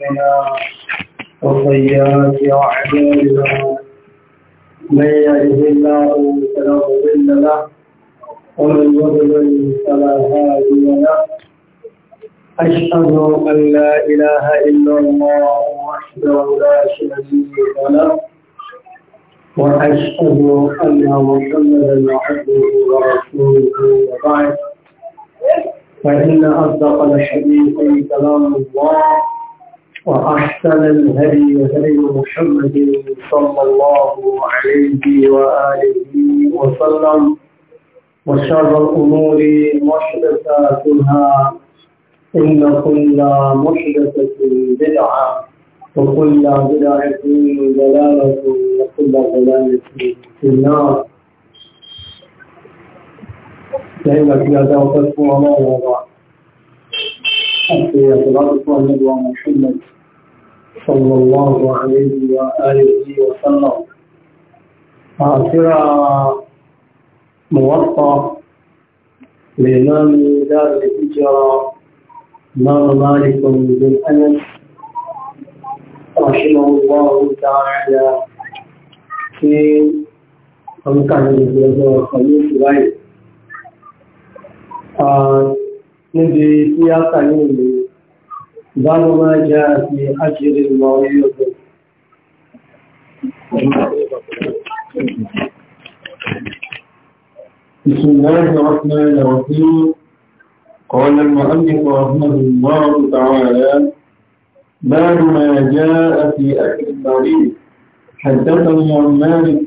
أنفسنا وسيئات أعمالنا من يهد الله فلا مضل له ومن يضلل فلا هادي له أشهد أن لا إله إلا الله وحده لا شريك له وأشهد أن محمدا عبده ورسوله وبعد فإن أصدق الحديث كلام الله وأحسن الهدي هدي محمد صلى الله عليه وآله وسلم وشر الأمور محدثاتها إن كل محدثة بدعة وكل بدعة ضلالة وكل ضلالة في النار. دائما في هذا وقت الله حتى يتلقى النبوة محمد صلى الله عليه وآله وسلم معصرة موطأ لإمام دار الهجرة إمام مالك بن أنس رحمه الله تعالى في أمكان الخميس غير بسم الله الرحمن الرحيم قال المؤلف رحمه الله تعالى بعد ما جاء في اكل المريض حدثني عن مالك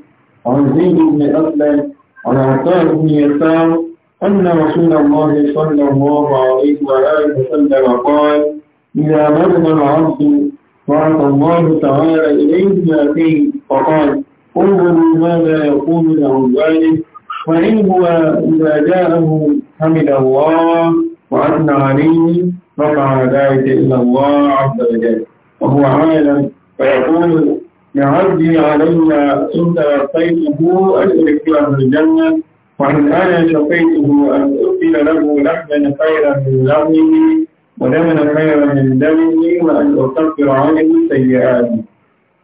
عن زيد بن اسلم عن عطاء بن يسار أن رسول الله صلى الله عليه وآله وسلم قال إذا مرض العبد بعث الله تعالى إليه ما فيه فقال انظروا ماذا يقول له ذلك فإن هو إذا جاءه حمد الله وأثنى عليه رفع ذلك إلى الله عز وجل وهو عالم فيقول لعبدي علي إن رقيته أشرك في الجنة ومن أنا شقيته أن أكل له لحما خيرا من لحمه ودما خيرا من دمه وأن أكفر عنه سيئاته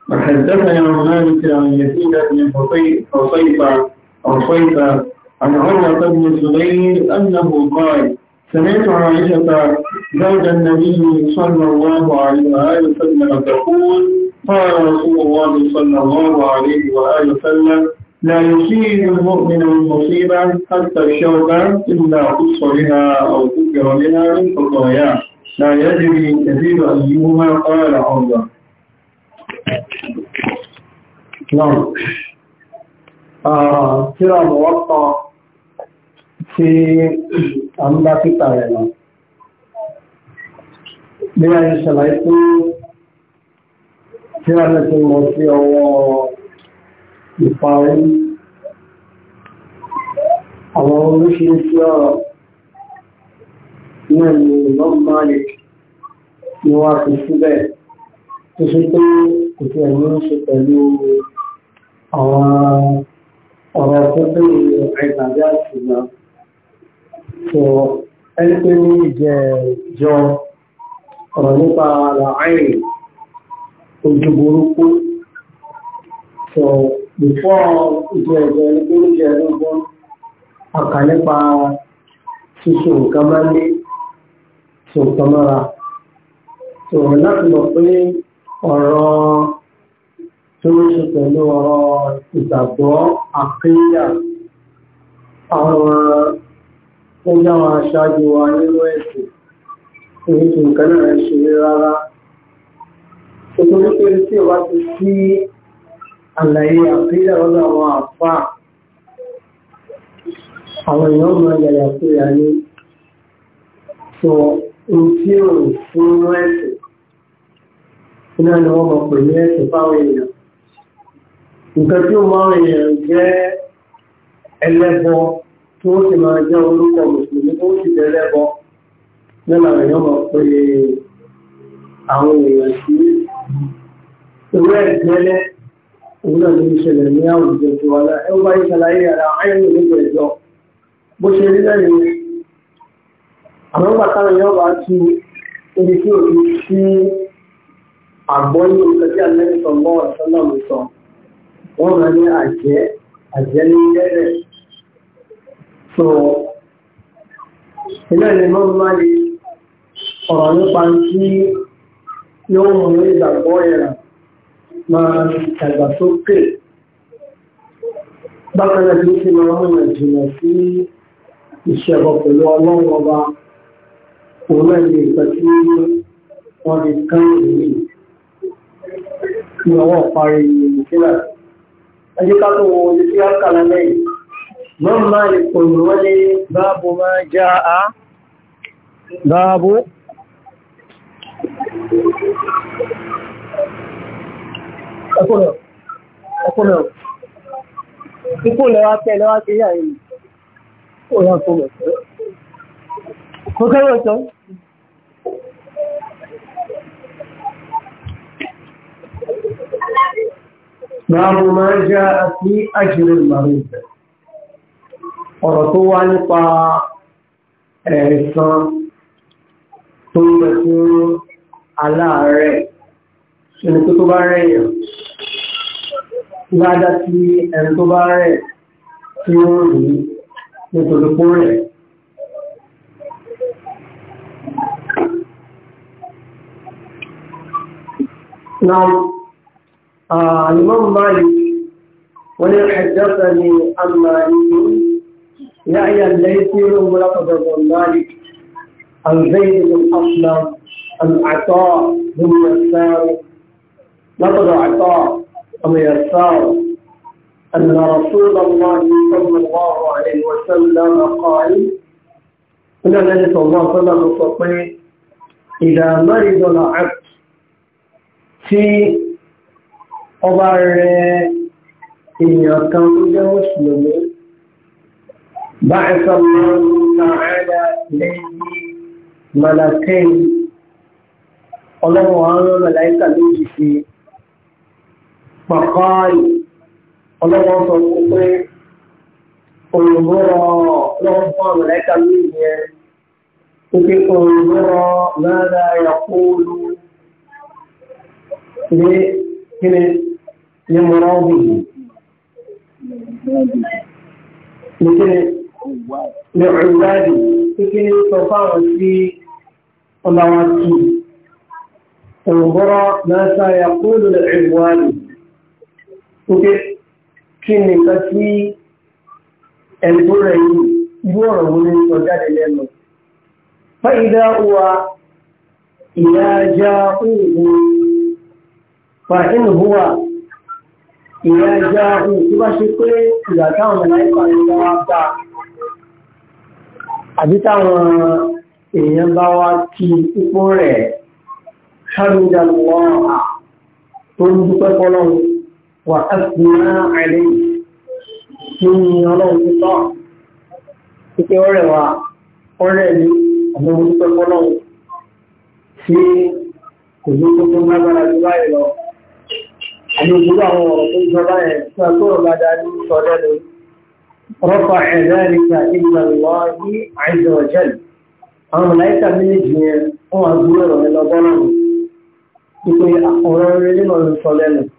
وحدثنا مالك عن يزيد بن حصيفة حصيفة عن عروة بن الزبير أنه قال سمعت عائشة زوج النبي صلى الله عليه وآله وسلم تقول قال رسول الله صلى الله عليه وآله وسلم لا يصيب المؤمن المصيبة حتى الشوكة إلا قص بها أو كبر بها من خطاياه لا يدري كثير أيهما قال عرضا نعم ترى موقع في أمدا في تاريلا bí a ṣe ṣàlàyé pé tí a lè ṣe mọ̀ sí ọwọ́ ìparí àwọn oríṣiríṣi ọ̀rọ̀ náà ni Imam Malik ni wọ́n fi síbẹ̀ tó ṣe pé kò tí ẹ̀mí ń ṣe pẹ̀lú àwọn ọ̀rọ̀ tó bẹ̀rẹ̀ ẹgbàgbé àṣìgbà tó ẹni pé ní ìjẹ́ jọ ọ̀rọ̀ nípa àlàáìrì ojú burúkú before ìjọ ẹ̀jẹ̀ nígbó oúnjẹ ẹ̀rọ̀gbọ́n ọ̀kà nípa ṣíṣe nǹkan máa ń lé ṣe nǹkan mọ́ra ṣòro láti mọ̀ pé ọ̀rọ̀ tó ń ṣe pẹ̀lú ọ̀rọ̀ ìgbàgbọ́ àkéyà àwọn ó yáwọn aṣáájú wa nínú ẹ̀sìn èyí tí náà ṣe rárá. Ètò tí ò bá ti sí àlàyé àpílẹ̀ ọ̀dọ̀ àwọn àpá àwọn èèyàn máa yàyà kúrò ní sọ tí ò fún ẹ̀sìn iná ni wọ́n mọ̀ pè ní ẹ̀sìn fáwọn èèyàn nǹkan tí ó máa ń èèyàn jẹ́ ẹlẹ́bọ tí ó sì máa jẹ́ orúkọ mùsùlùmí tó sì jẹ́ ẹlẹ́bọ nígbà èèyàn mọ̀ pé òun náà ló ń ṣẹlẹ̀ ní àwùjọ tó wà láà ẹ bá yí ṣàlàyé ara àìní nígbà ẹjọ́ bó ṣe rí lẹ́yìn àwọn bàtà yóò bá ti ibi tí ò ti sí àgbọ́yé nǹkan tí àlẹ́ sọ mọ́ ọ̀sán náà ló sọ wọ́n máa ní àjẹ́ àjẹ́ ní lẹ́rẹ̀ tó ilé ìlú máa ń ọ̀rọ̀ nípa tí yóò mú ìgbàgbọ́ ẹ̀ràn máa dàgbàsókè bákan náà ní kí máa mọ̀nà jìnà sí ìṣẹ̀bọ̀ pẹ̀lú ọlọ́run ọba òun náà ní ìgbà tí wọ́n lè kán ìlú ní ọwọ́ parí nàìjíríà ẹjẹ́ ká tó wọ ojú tí a kà lálẹ́yìn máa lè wọ́n ní báàbù máa já a báàbù ẹkúnlẹ̀ ẹkúnlẹ̀ ọ̀ ikú lẹ́wà pẹ́ lẹ́wà sí yà yìí ó yà fún ẹ̀kọ́ kò kẹ́rọ ìtọ́ Báàbù máa ń já sí àjírí ìmàrí ìfẹ́. Ọ̀rọ̀ tó wá nípa ẹ̀ẹ̀sán tó ń bẹ̀ fún aláàárẹ̀. Ṣe tó tó bá rẹ̀yàn ládá tí ẹni tó bá rẹ̀ tí ó rí nítorí kó rẹ̀. Náà, Imam Malik wani haddasa ni Al-Maliki ya iya laifin mulaka da Malik al-Zaid bin Aslam al-Ata bin Yasar, lafazin Ata ويسار أن رسول الله صلى الله عليه وسلم قال أن النبي صلى الله عليه وسلم إذا مرض العبد في ọba rẹ̀ èèyàn kan tó jẹ́ mùsùlùmí báyìí sọ́mọ́ tààrà lẹ́yìn malakain ọlọ́wọ́ àwọn màláíkà méjì sí i pàkọ́ọ̀lì ọlọ́wọ́ sọ fún pé òrùnbọ́rọ̀ lọ́wọ́ fún ọ̀rọ̀ lẹ́ka lóyìn yẹn wípé òrùnbọ́rọ̀ lọ́dà ẹ̀kọ́ọ̀lù ní kíni ní mọ́rọ́ òbí ní kíni ní ọ̀rùnbádì kíni sọ fáwọn sí ọlọ́wọ́ sí òrùnbọ́rọ̀ lọ́dà ẹ̀kọ́ọ̀lù ní ọ̀rùnbádì pé kí ni nǹkan tí ẹni tó rẹ̀ yìí irú ọ̀rọ̀ wo ni sọ jáde lẹ́nu fáyidá wa ìyá ajá òògùn fàáhìn hùwà ìyá ajá òògùn tó bá ṣe pé ìgbà táwọn mẹ́láìkọ̀ ìgbà wa bá àbí táwọn èèyàn bá wá kí ipò rẹ̀ ṣàmìdàlùwọ́n tó ń dúpẹ́ fọ́lọ́run وأثنى عليه من يرون الله Ike ọ̀rẹ́ wa, ọ̀rẹ́ mi, ọmọ orúkọ fọ́lọ́wọ́, tí kò ní kó tó lágbára jù báyìí lọ. Àmì ìgbúrú àwọn ọ̀rọ̀ tó jọ báyìí tí a kúrò bá darí sọ lẹ́nu. Rọ́pà ẹ̀rẹ́rìkà ìgbà lọ ní àìsàn ọ̀jẹ́lì. Àwọn mọ̀láìkà méjì yẹn, wọ́n wá gbúrò rẹ̀ lọ́gbọ́n náà. Ipe ọ̀rọ̀ orin nínú ìsọ lẹ́nu.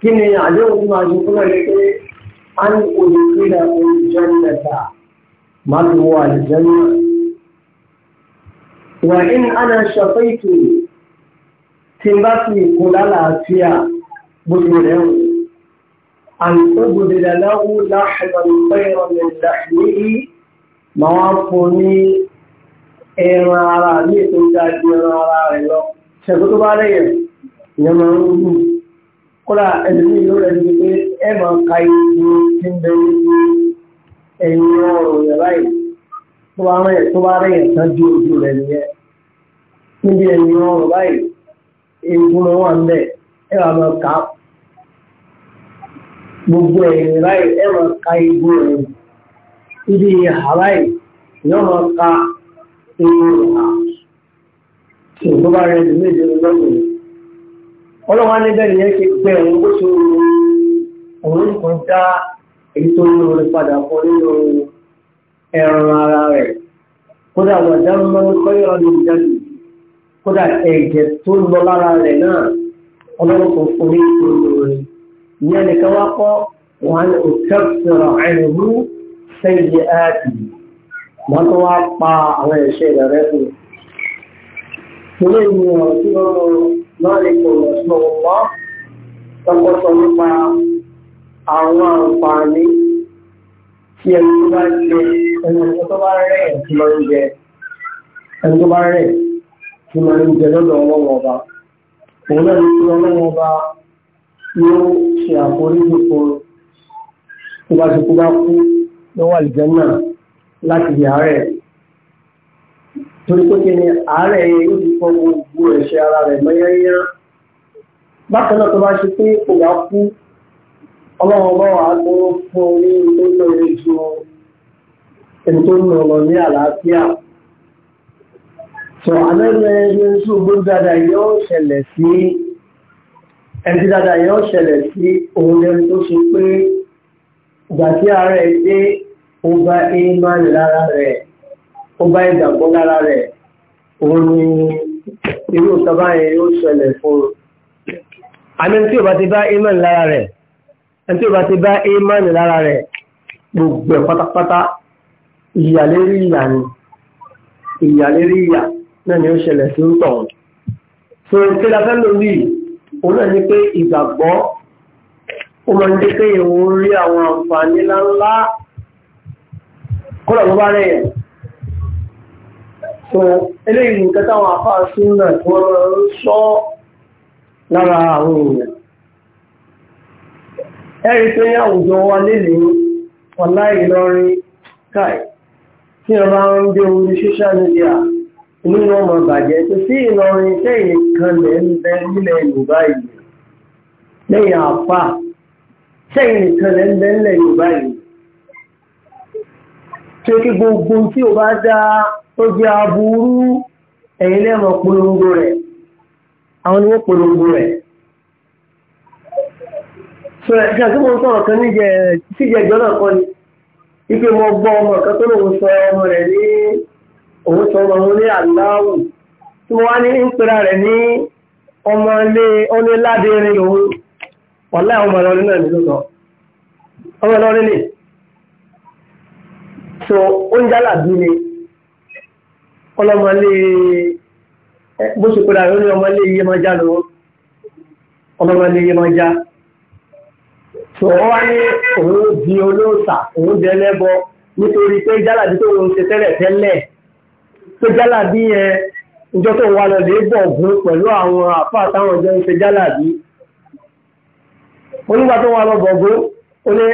kí ni àdéhùn tí máa ṣe fún ẹ̀rẹ́ pé a ní olùkílẹ̀ oúnjẹ mẹ́ta máa fi wọ àlùjẹ́ náà wà ní àná ṣọ̀fẹ́ ìtò tí bá fi ìkó lálàáfíà bó ti rẹ̀ hàn àti ó gbòdè lẹ́wọ́ láṣẹ̀mọ̀ ìpẹ́rọ̀ lẹ́yìn máa wá fún ní ẹran ara ní ètò ìdájú ẹran ara rẹ̀ lọ ṣẹ̀kú tó bá rẹ̀ ìyẹn máa ń gbùn kódà ẹ̀dùnmí yóò rẹ̀ ní pé ẹ máa ka ìlú tí ń bẹ ní ẹ̀yìn ọ̀rọ̀ rẹ̀ báyìí tó bá rẹ̀ tó bá rẹ̀ tán ju ojú rẹ̀ nìyẹn níbi ẹ̀yìn ọ̀rọ̀ báyìí egun ló wà níbẹ̀ ẹ wà máa ka gbogbo ẹ̀yìn báyìí ẹ máa ka egun rẹ̀ ibi ìhà báyìí yóò máa ka rẹ̀ ha rẹ̀ ní méje lọ́gbọ̀n ọlọ́wọ́ níbẹ̀rẹ̀ yẹn ṣe gbẹ òun bó ṣe wù òun nìkan dá èyí tó ń lórí padà fún nínú ẹran ara rẹ̀ kódà wà dáhùnmọ́nú kọ́yọ̀ ní ìjáde kódà ẹ̀jẹ̀ tó lọ lára rẹ̀ náà ọlọ́wọ́ kò fún ní ìlú rẹ̀ ìyẹn nìkan wá kọ́ wọn ò kẹ́sìrọ̀ ẹ̀rù sẹ́yìn áàtì wọ́n tó wá pa àwọn ẹ̀ṣẹ̀ rẹ̀ rẹ̀ fún un lọ́rẹ̀ ìkọ̀rọ̀ sí ọ̀pọ̀ tọkọtọ nípa àwọn àǹfààní tí ẹni tó bá jẹ ẹni tó bá rẹ̀ tí máa ń jẹ ẹni tó bá rẹ̀ tí máa ń jẹ lọ́dọ̀ ọlọ́wọ́ ọba òun náà ní kí ọlọ́wọ́ ọba yóò ṣe àforíjì fún tó bá ti kú bá kú lọ́wọ́ àlìjẹ́ náà láti yàrá ẹ̀ torí pé kí ni àárẹ̀ yóò ti fọ́ gbogbo ẹ̀ṣẹ̀ ara rẹ̀ mọ́yẹ́yẹ́ bákan náà tó bá ṣe pé kò wá kú ọlọ́run bá wà á tó fún un ní tó lóore ju ẹni tó ń lọ lọ ní àlàáfíà sọ àmẹ́rẹ́ ẹni tó gbójú dáadáa yóò ṣẹlẹ̀ sí ẹni tí yóò ṣẹlẹ̀ sí òun lẹ́nu tó ṣe pé ìgbà tí àárẹ̀ dé ó bá éèmá lára rẹ̀ ó bá ìgbàgbọ́ lára rẹ̀ òun ni irú ìtọ́bá yẹn yóò ṣẹlẹ̀ fún un. àmì tí ò bá ti bá iman lára rẹ̀ ẹni tí ò bá ti bá iman lára rẹ̀ gbogbo ẹ̀ pátápátá ìyà lérí ìyà ni ìyà ìyà náà ni ó ṣẹlẹ̀ sí ń tọ̀hún. so ìṣe la fẹ́ lórí òun náà ni pé ìgbàgbọ́ ó máa ń dé pé ìwọ̀n rí àwọn àǹfààní ńláńlá kó lọ́wọ́ bá rẹ̀ yẹn so eléyìí nǹkan táwọn afá súnà tí wọ́n ń sọ lára àwọn èèyàn ẹ̀rí pé àwùjọ wa lélẹ̀ ọ̀lá ìlọrin káì tí wọ́n bá ń gbé orí social media inú wọn mọ̀ bàjẹ́ tó sí ìlọrin tẹ́yìn kan lẹ̀ ń bẹ nílẹ̀ yorùbá yìí lẹ́yìn àfà tẹ́yìn kan lẹ̀ ń bẹ nílẹ̀ yorùbá yìí tí ó kí gbogbo tí ó bá dáa tó jẹ́ aburú ẹ̀yin lẹ́mọ̀ polongo rẹ̀ àwọn ni wọ́n polongo rẹ̀ sọ ẹ̀ka tí mo ń sọ̀rọ̀ kan níjẹ síjẹ ìjọ náà kọ́ ni ike mo gbọ́ ọmọ kan tó lòun sọ ọmọ rẹ̀ ní òun sọ ọmọ òun ní aláwù tí mo wá ní ń pera rẹ̀ ní ọmọ ilé oníládérin lòun wàlá ọmọ ìlọrin náà nínú sọ ọmọ ìlọrin ni so oúnjẹ àlàbí ni ọlọ́mọlé bó ṣe kó dára lórí ọmọlé iye máa já lọ́wọ́ ọlọ́mọlé iye máa já ṣòwò wá ní òun di olóòṣà òun di ẹlẹ́bọ nítorí pé jálàbí tó ń ṣe tẹ́lẹ̀ tẹ́lẹ̀ pé jálàbí yẹn ìjọ tó wà lọ́dẹ̀ bọ̀ gún pẹ̀lú àwọn àfáà táwọn ọjọ́ ń ṣe jálàbí onígbà tó wà lọ́bọ̀ gún ó ní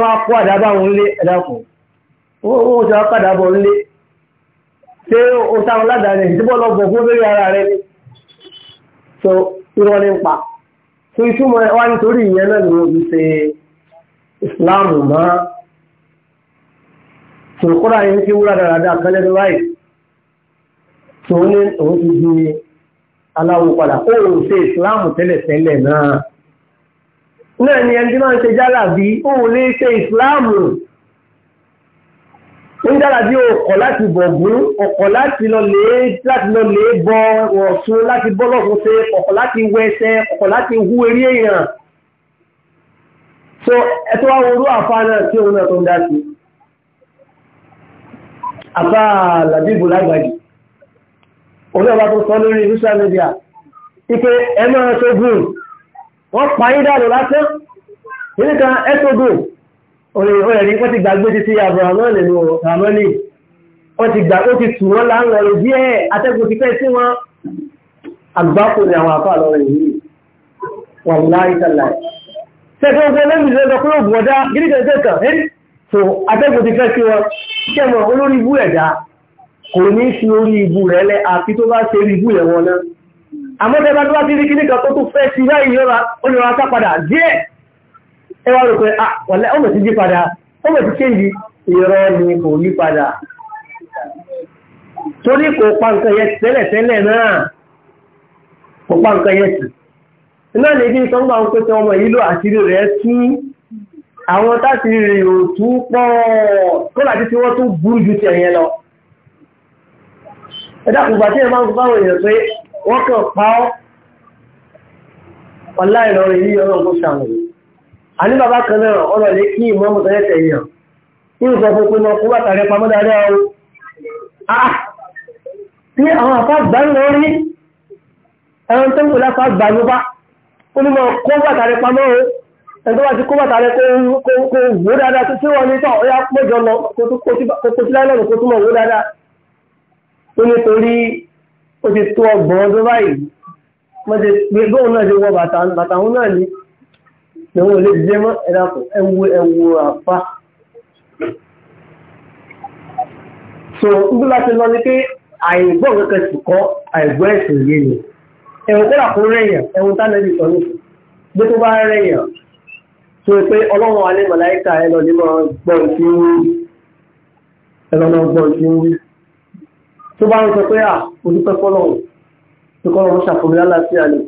wọ́n á kó àdábà òun lé ẹ̀dá kù ó ti wá pàdábọ̀ òun lé ṣé o sáwọn ládàáni ìdíbọ̀ lọ bọ̀ fún lórí ara rẹ ni so irọ́ ní pa so ìtumọ̀ wa nítorí ìyẹn náà ló fi ṣe Islam mọ́ sòkúrà yẹn ti wúrà dáradára kan lẹ́nu báyìí tó ní òun ti di aláwo padà ó ò ṣe Islam tẹ́lẹ̀tẹ́lẹ̀ náà náà ni ẹni tí máa ń ṣe jálà bí ó lè ṣe Islam dára bí ọkọ̀ láti bọ̀gún ọkọ̀ láti lọ lè láti lọ lè bọ ọ̀ṣun láti bọ́ lọ́kùn ṣe ọkọ̀ láti wẹsẹ̀ ọkọ̀ láti hú eré èèyàn so ẹ̀tọ́ wa orú àfa náà tí òun náà tó ń dá sí àfa làbíbù lágbàdì òun náà bá tó sọ lórí social media ipe ẹ máa wọ́n pa yín nígbà ẹ ọ̀rẹ́rí wọ́n ti gbàgbé ti ti àbúràmọ́ nínú ramoni wọ́n ti gbà ó ti tù wọ́n láàrín ọ̀rẹ́ díẹ̀ atẹ́gùn ti fẹ́ sí wọn àgbákò ní àwọn àfáà lọ́rẹ̀ yìí wà láì tàlà ṣẹ́fẹ́ ogun lẹ́mìí lọ́dọ̀ pé òògùn ọ̀dá gírígẹ̀ẹ́sẹ̀ kan ẹ́ tó atẹ́gùn ti fẹ́ sí wọn kẹmọ̀ olórí ibú ẹ̀dá kò ní fi orí ibú rẹ̀ lẹ́ àfi tó bá ṣe orí ibú yẹn wọn náà àmọ́ tẹ́ bá tó bá ti rí kíníkan tó tó fẹ́ sí láì yọra ó lè ra sá padà díẹ̀ ẹ wá rò pé ah, wọ̀lẹ́ ọmọ ti yí padà ọmọ ti kéyìí irọ́ ni kò yí padà torí kò pa nǹkan yẹn tẹ́lẹ̀tẹ́lẹ̀ náà kò pa nǹkan yẹn tì iná ní ibi ìtàn gbà ń pèsè ọmọ yìí lò àṣírí rẹ̀ tú àwọn táṣírí rẹ̀ ò tú pọ̀ tó láti tí wọ́n tún burú ju ti ẹ̀yẹn lọ ẹ dákun gbà tí ẹ máa ń fáwọn èèyàn pé wọ́n kàn pa ọ́ ọ̀la ìlọrin yìí ọlọ́run ṣàwọn àní bàbá kan náà ọ̀rọ̀ lè kí ìmọ̀mù tó yẹ tẹ̀yàn kí n sọ fún pé wọn kú bàtà rẹ pamọ́ dáadáa o ah! tí àwọn àfá gbà ń lọ rí ẹran tó ń kò láfá gbà ló bá ó ní mọ̀ kó bàtà rẹ pamọ́ o ẹni tó bá ti kó bàtà rẹ kó wó dáadáa tó tí wọ́n ní tọ́ ọ̀yá péjọ lọ kó tó láìlọ́nù kó tó mọ̀ wó dáadáa ó ní torí ó ti tó ọgbọ̀n ọdún báyìí ni lọ́wọ́ lè jẹ́ mọ́ ẹ̀dàpọ̀ ẹwọ ẹwọ àpá so nígbà láti lọ ní pé àìgbọ́ kẹ́kẹ́ sì kọ́ àìgbọ́ ẹ̀sìn yé ni ẹ̀wọ̀n kọ́là kó rẹ̀yàn ẹ̀wọ̀n tá lẹ́bi sọ nìkan bí tó bá rẹ̀yàn so pé ọlọ́run alẹ́ màláìka ẹ̀ lọ ní máa gbọ́ sí wí ẹ̀ lọ́nà gbọ́ sí wí tó bá ń sọ pé à olùpẹ́ fọ́lọ́run tó kọ́ lọ́run ṣàfùmílá láti àlè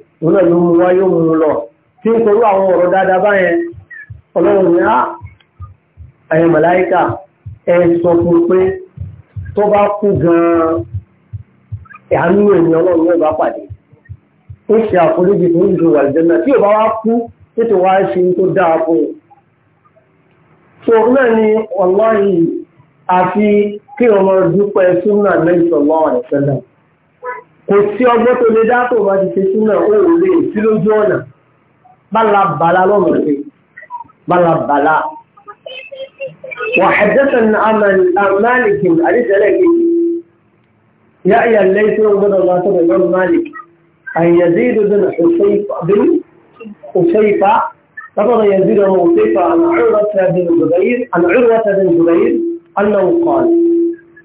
tí ń sọrú àwọn ọ̀rọ̀ dáadáa báyẹn ọlọ́run ní á ah, ẹ̀yẹ màláíkà ẹ sọ fún pé tó bá kú gan-an ìhánú ènìyàn ọlọ́run yóò bá pàdé ó ṣe àforíjì tó ń ju wàlìjẹ́nà tí ò bá wá kú títí wá ṣe tó dáa fún un so náà ni wallahi àfi kí ọmọ dúpẹ́ súnà lẹ́yìn sọ̀lọ́ ọ̀rẹ́ sẹ́lẹ̀ kò sí ọgbọ́n tó lè dá tó bá ti ṣe súnà ó lè sí lójú ọ̀nà بلى لهم بلى بلى وحدثنا عمل مالك أليس لك يا ليس من الله تعالى إمام مالك أن يزيد بن حسيف بن حصيفة فقد يزيد بن حسيف عن عروة بن زبير عن عروة بن زبير أنه قال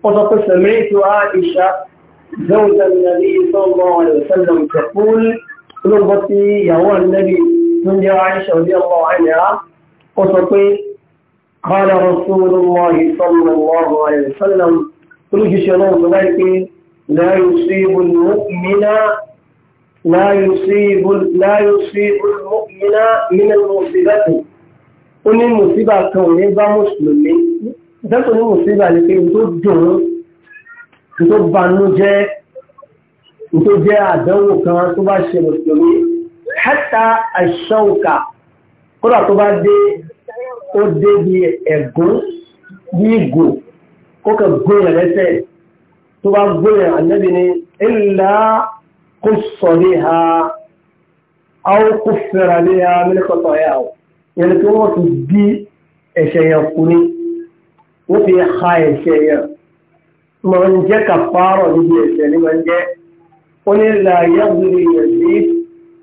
وقد سمعت عائشة زوج النبي صلى الله عليه وسلم تقول ربتي يا هو النبي tó jẹ́ àìṣà òbí ọmọ àìyá ó sọ قال رسول الله صلى الله عليه وسلم olójú ṣe ọlọ́run tó báyìí pé la yusibu al-mu'mina la yusibu al-mu'mina min al-musibati ó ní mùsíbà kan ò ní bá mùsùlùmí ìtẹ́kùn ní mùsíbà ní pé tó dùn kan tó bá mùsùlùmí hátà àṣọ́ọ̀kà kódà tó bá dé ó dé bí ẹ̀gún bí ìgò kó kẹ gbóyàn lẹ́sẹ̀ tó bá gbóyàn ànábì ni ilá kó sọ ní ha áwọ́ kó fẹ́ra ní ha mílíkọ̀tọ̀ ẹ̀ àwọ̀ yẹn tó wọ́n fi bí ó ní là yẹ́ yẹ̀ sí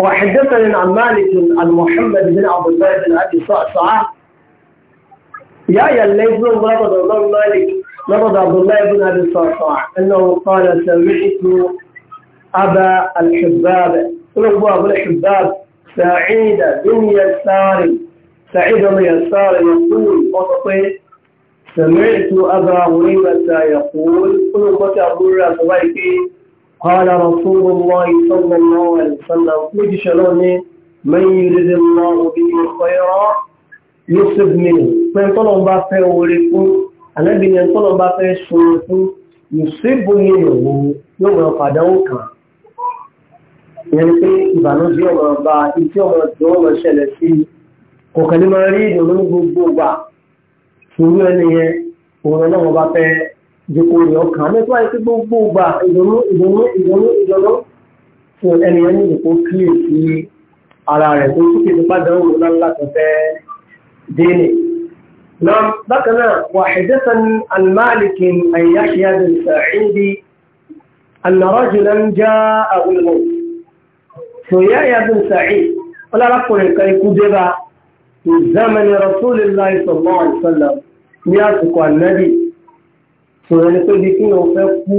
وحدثني عن مالك عن محمد بن عبد الله بن ابي صعصعه يا يا الليث بن ربض الله مالك ربض عبد الله بن ابي صعصعه انه قال سمعت ابا الحباب ابو ابو الحباب سعيد بن يسار سعيد بن يسار يقول وصفه سمعت ابا هريره يقول قلت ابو هريره قال رسول الله صلى الله عليه وسلم قد شلوني من يريد الله به خيرا يصب منه فإن طلب ما فيه وليكم أنا بني أن طلب ما فيه شروطه يصب منه يوم القدوك يعني في ìbànújẹ́ ọmọ ọba ìtí ọmọ ọdún ọmọ ṣẹlẹ̀ sí kọ̀ọ̀kan ní máa rí ìdùnnú gbogbo jòkó èèyàn kan nípa ìpín gbogbo gbà ìdùnnú ìdùnnú ìdùnnú ìdùnnú fún ẹni ẹni jòkó kílè sí ara rẹ̀ tó sì kéde pàdánù ńláńlá tó fẹ́ dénì. نعم بكنا وحدثني عن مالك أن يحيى بن سعيد أن رجلا جاءه الموت يا بن سعيد ولا رقل كي كذب في زمن رسول الله صلى الله عليه وسلم يأتك النبي sọ̀rọ̀ ní pé bí kí wọ́n fẹ́ kú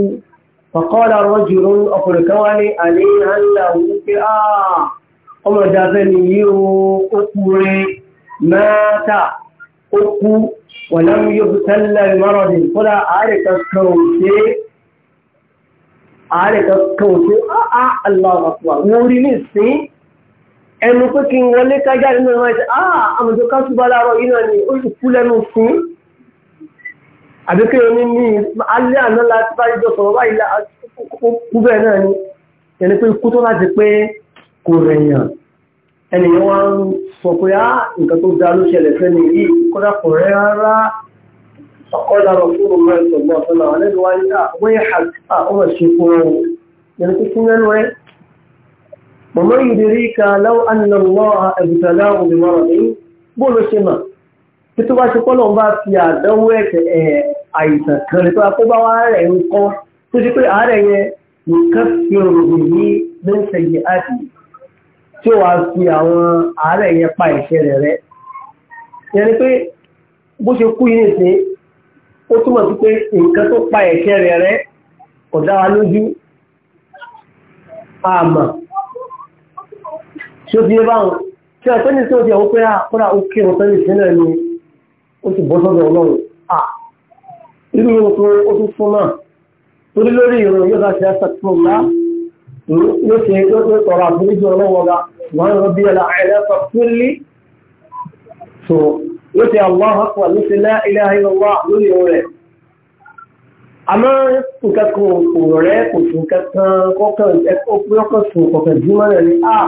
ọ̀kọ́lá rọ́jù rún ọkùnrin kan wá ní àní àńlá òun pé áà ọmọ ìdáfẹ́ ni yí o ó kú rẹ mẹ́ta ó kú ẹnu pé kí n wọlé kájá nínú ìwọ̀n ẹ̀sẹ̀ áà ah, àmọ̀jọ́ kásùbálárọ̀ yìí náà ni ó sì kú lẹ́nu fún àbí kí o ní ní alẹ́ àná láti bá ìjọ sọ̀rọ̀ báyìí kú bẹ́ẹ̀ náà ni ẹni pé kú tó láti pé kò rẹ̀yàn ẹnìyàn wá ń sọ pé á nǹkan tó da ló ṣẹlẹ̀ fẹ́ni yìí kódà kò rẹ̀ rárá ọ̀kọ́dàrọ̀ fún ọmọ ìsọ̀gbọ́n ọ̀sán àìsàn kan lè tó wá kó bá wá rẹ̀ ń kọ́ tó ṣe pé àárẹ̀ yẹn nìkan fi òògùn ní lẹ́sẹ̀ yìí àti tí ó wá fi àwọn àárẹ̀ yẹn pa ẹ̀ṣẹ̀ rẹ̀ rẹ́ yẹn ni pé bó ṣe kú yìí nìsín ó túmọ̀ sí pé nǹkan tó pa ẹ̀ṣẹ̀ rẹ̀ rẹ́ kò dá wa lójú àmọ́ tí ó fi báwọn tí ọ̀pẹ́ ní tí ó ti àwọn pé ah, kódà ó kírun pẹ́lú ìṣẹ́lẹ̀ ni ó ti bọ́ sọ́dọ̀ ọlọ́run irú ohun tó tún fún náà torí lórí ìrùn yóò bá ṣe àṣàtúnlá yóò ṣe yóò tó tọrọ àforíjì ọlọ́wọ́ ga wọn rọ bí ẹlà àìlẹ́sọ fúnlé so yóò ṣe àwọn akọ ló ṣe lá ilé ayélujára lórí ìrùn rẹ̀ àmọ́ nǹkan kan kò rẹ̀ kò sùn kankan kọ́kàn ẹ̀kọ́ kọ́kàn sùn kọ̀kàn jùmọ̀ rẹ̀ ni a ah,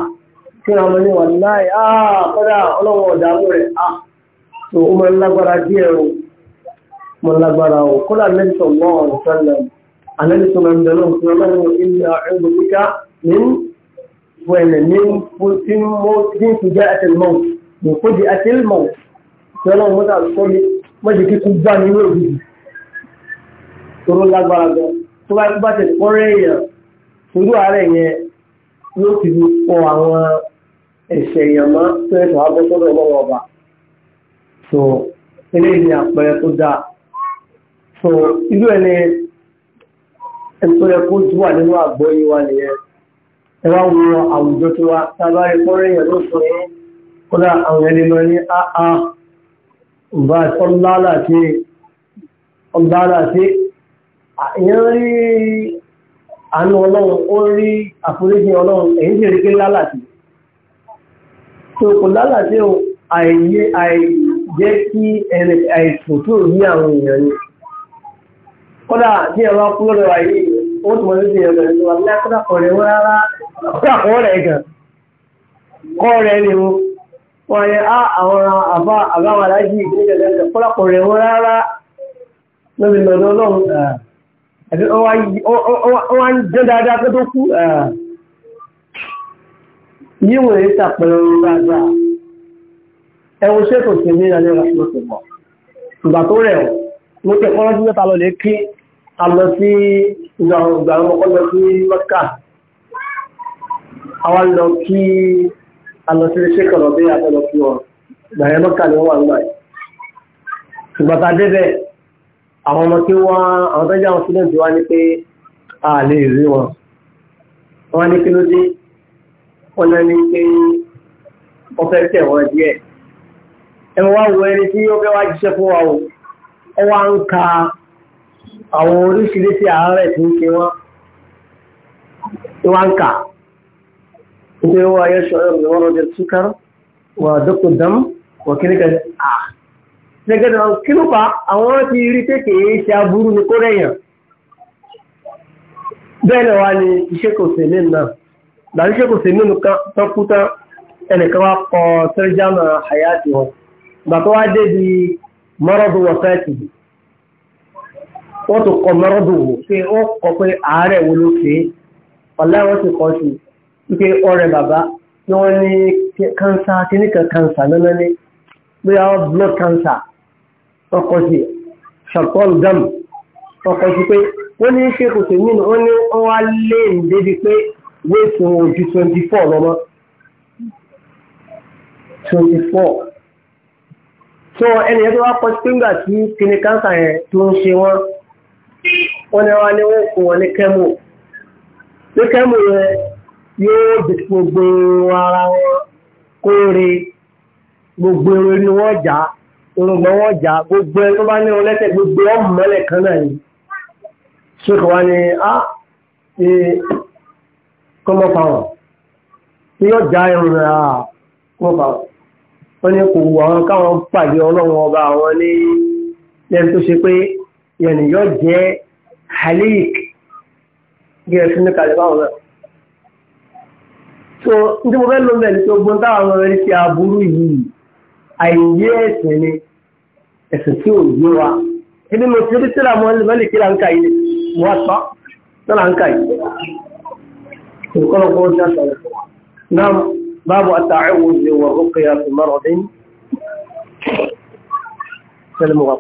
kí ọmọ ní wà láì a ah, kọ́dà ọlọ́wọ́ ọ̀dà rẹ̀ a ah, so ó máa ń lágbára díẹ̀ o mo lágbára o kódà lẹ́sọ̀ wọ́n ọ̀rọ̀ sẹ́lẹ̀ àlẹ́sọ̀ máa ń bẹ̀ lọ́wọ́ fún ọlọ́run ilé ẹ̀rọ kíkà ní wẹ̀lẹ̀ ní tí mo ti ń fìjà ẹ̀tẹ̀ mọ́ ní kó di ẹ̀tẹ̀ mọ́ tí ọlọ́run mọ́tà sọ mi wọ́n ti kíkú gbà nínú òbí tóró lágbára gan tó bá bá tẹ̀ yẹn yóò ti fi pọ̀ àwọn ẹ̀ṣẹ̀ èèyàn tó ẹ̀ṣọ́ abọ́sọ́dọ̀ ọlọ́wọ́ ọba so eléyìí ni àpẹẹrẹ tó dáa so irú ẹni ẹ̀tọ́ ẹ̀kọ́ tí wà nínú àgbọ́ yìí wà nìyẹn ẹ wá wo àwùjọ tí wa tábà ìpọ́nrẹ́ yẹn ló sọ yẹn kódà àwọn ẹni lọ ní àá ah, ah, bá ọlọ́lá sí ọlọ́lá sí ìyẹn rí àánú ọlọ́run ó rí àforíjì ọlọ́run èyí sì rí pé lálà sí tó kò lálà sí àìyé àìjẹ́ kí àìsùn tó rí àwọn èèyàn ni kódà bí ẹ̀rọ kúlọ̀rọ̀ wà yìí ó túnmọ̀ ní ìyẹn rẹ̀ lọ alẹ́ kódà kọ̀ rẹ̀ wọ́n rárá kódà kọ̀ rẹ̀ gan kọ́ rẹ̀ ni mo wọ́n yẹ á ah, àwọn àbá àbáwọn aláàjì ìgbésẹ̀lẹ̀ kódà kọ̀ rẹ̀ wọ́n rárá lóbi lọ́dọ̀ ọlọ́run àti ó wá ń jẹ́ dáadáa pé tó kú ah. yíwọ̀n èyí tàpẹ̀rẹ̀ orí dáadáa ẹwọ́n ṣètò sí ní alẹ́ rẹ̀ lọ́sọ̀gbọ̀n ìgbà tó rẹ̀ wọ́n tẹ̀kọ́rọ́ sí mẹ́ta lọ lè kí a lọ sí ìlú àwọn ìgbà àwọn ọkọ̀ lọ sí Mẹ́kà àwọn lọ kí a lọ sí iṣẹ́ kan lọ́dẹ́ àtọ́lọ kí wọn ìgbà yẹn Mẹ́kà ni wọ́n wà nígbà yìí ṣùgbọ́n débẹ̀ àwọn ọmọ tí wọ́n àwọn tó jẹ́ àwọn student wa ni pé a lè rí wọn wọ́n ní kí ló dé wọ́n lọ ní pé wọ́n fẹ́ tẹ̀ wọ́n díẹ̀ ẹ wá wo ẹni tí ó fẹ́ wá jíṣẹ́ fún wa o ẹ wá ń ka àwọn oríṣiríṣi àárẹ̀ tí ń ṣe wọ́n tí wọ́n ń kà nítorí wọ́n ayé ṣọ́rọ̀ mi wọ́n rọ́jẹ̀ túkàr wà dọ́kù dám wà kí ní kẹ́ à lẹ́gẹ̀dẹ̀ kí ló pa àwọn ti rí pé kì ṣe aburú ni kó rẹ̀yàn bẹ́ẹ̀ náà wá ní iṣẹ́ kò sí ní náà dàbí iṣẹ́ kò sí nínú tán kú tán ẹnìkan wá kọ tẹ́rẹ́jámà àyáàtì wọn gbà tó wá dé di mọ́rọ́dún wọ̀fẹ́ẹ̀tì yìí wọ́n tó kọ mọ́rọ́dù wò pé ó kọ pé ààrẹ wo ló ṣe ọ̀lá wọ́n ti kọ́ sí wípé ọ̀rẹ́ bàbá tí wọ́n ní kánsá kíníkan kánsá lọ́nà ní pé àwọn blood cancer wọ́n kọ́ sí charcoal gum wọ́n kọ́ sí pé wọ́n ní ṣe kò sí nínú wọ́n ní wọ́n wá lé ìdébi pé wéètò ojú twenty four lọ́mọ́ twenty four so ẹnìyẹn tó wá pọ̀ sí pé ńgbà tí kíní kánsá yẹn tó ń ṣe wọ́n wọ́n ní wọ́n ní wọ́n kún wọn ní kẹ́mù ní kẹ́mù rẹ yóò bí gbogbo ara wọn kóore gbogbo eré ni wọ́n jà irùngbọ̀n wọn jà gbogbo ẹni tó bá ní wọn lẹ́sẹ̀ gbogbo ọmọ mọ́lẹ̀ kan náà ni ṣèkọ̀ wá ní á ṣe kọ́mọ́ fáwọn tí yóò já irun rẹ̀ á kọ́mọ́ fáwọn wọ́n ní kò wù àwọn káwọn pàdé ọlọ́run ọba àwọn ní ẹni tó ṣe pé yẹnì yọ jẹ́ halik bí ẹ fún mi kalẹ̀ báwọn náà. so n tí mo fẹ́ lọ mẹ́rin tó gbọ́n táwọn ọmọ rẹ̀ ṣe aburú yìí àìyé ẹ̀sìn ni ẹ̀sìn tí ò yé wa ebi mo ti rí sílá mo lè kí láǹkà yìí mo wá tán tó láǹkà yìí. nǹkan ọgbọ́n ṣe àṣàlẹ̀ náà báàbò àtàwọn ìwọ̀n rúkẹ́ àti márùn-ún sẹ́lẹ̀ mo wà.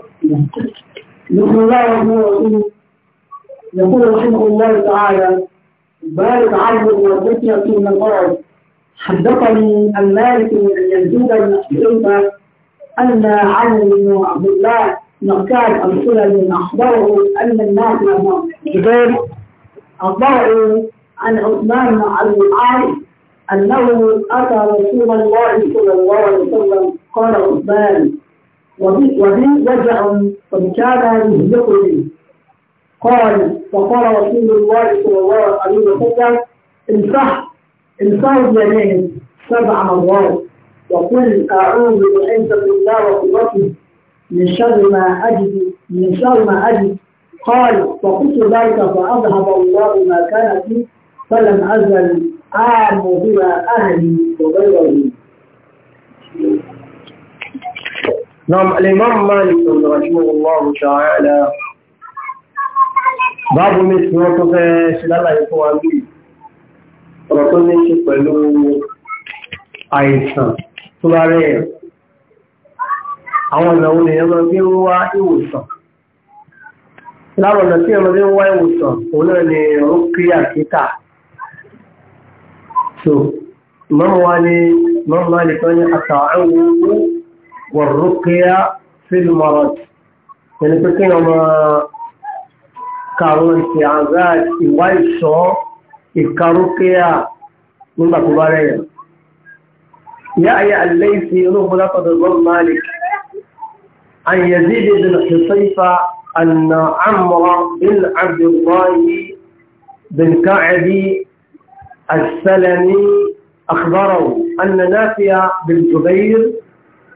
بسم الله الرحمن يقول رحمه الله تعالى بارك عبد والفتية من المرض حدثني عن مالك بن يزيد بن حذيفة أن عن بن عبد الله بن كعب السلمي أخبره أن الناس لهم جبير أخبره عن عثمان بن عبد العاص أنه أتى رسول الله صلى الله عليه وسلم قال عثمان وبي وجع فبكان يهلك لي قال وقال رسول الله صلى الله عليه وسلم امسح امسح بيمينه سبع مرات وقل اعوذ بعزة الله وقدرته من شر ما اجد من شر ما اجد قال فقلت ذلك فاذهب الله ما كان فيه فلم ازل اعم بما اهلي وغيره نعم الإمام مالك رحمه الله تعالى باب مثل وقف سلالة يقوان بي رسول نشي pẹ̀lú àìsàn tó bá rẹ̀ àwọn ìlànà èèyàn máa fi ń wá ìwòsàn lára ọ̀nà tí èèyàn máa fi ń wá ìwòsàn òun náà ni rúkìá kíkà so mọ́mọ́ wa ni mọ́mọ́ Malik ní àtàwọn ẹ̀wọ̀n والرقية في المرض يعني بكين أما كارون في عزاج إيوايسو إيكاروكيا من بكباري يا أي الليث ينوه لقد ظل مالك أن يزيد بن حصيفة أن عمر بن عبد الله بن كعب السلمي أخبره أن نافع بن جبير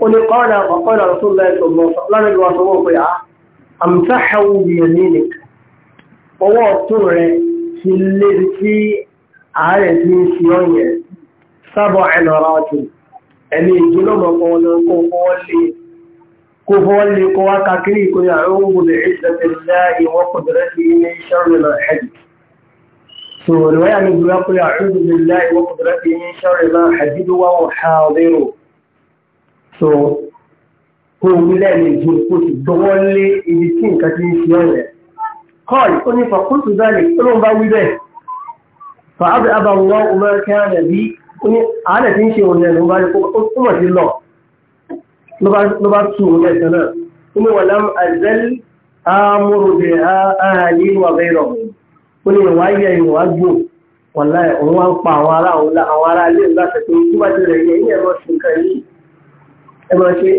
قل قال وقال رسول الله صلى الله عليه وسلم لن يواصلوا امسحوا بيمينك ọwọ́ ọ̀tún rẹ̀ ti lè tí ààrẹ ti ń fi ọ̀yẹ̀ sábọ̀ ẹ̀nà ara ọ̀tún ẹ̀mí ìjìnlọ́mọ̀ kan lọ kó fọwọ́ lè kó wá kakiri kó ní àrùn so kó wí lẹ́ẹ̀mejì kó sì gbọ́wọ́ lé ibi tí nǹkan ti ń ṣe ọ̀yẹ̀ kọ́ọ̀lù ó ní fàkóso dáàlì ó ló ń bá wí bẹ́ẹ̀ fàábì abàwọ̀ ọmọ kẹ́rẹ́ bí ó ní àádẹ́ tí ń ṣe òun lẹ́nu ó túmọ̀ sí lọ ló bá tú òun lẹ́sẹ̀ náà ó ní wàlám àzẹ́l amúròdè àhàlì wà bẹ́ẹ̀ rọ̀ ó ní ìwà ayé ìwà gbò òun wá ń pa àwọn ará ilé tí wàá ti rẹ̀ yẹ yìí ẹ máa ṣe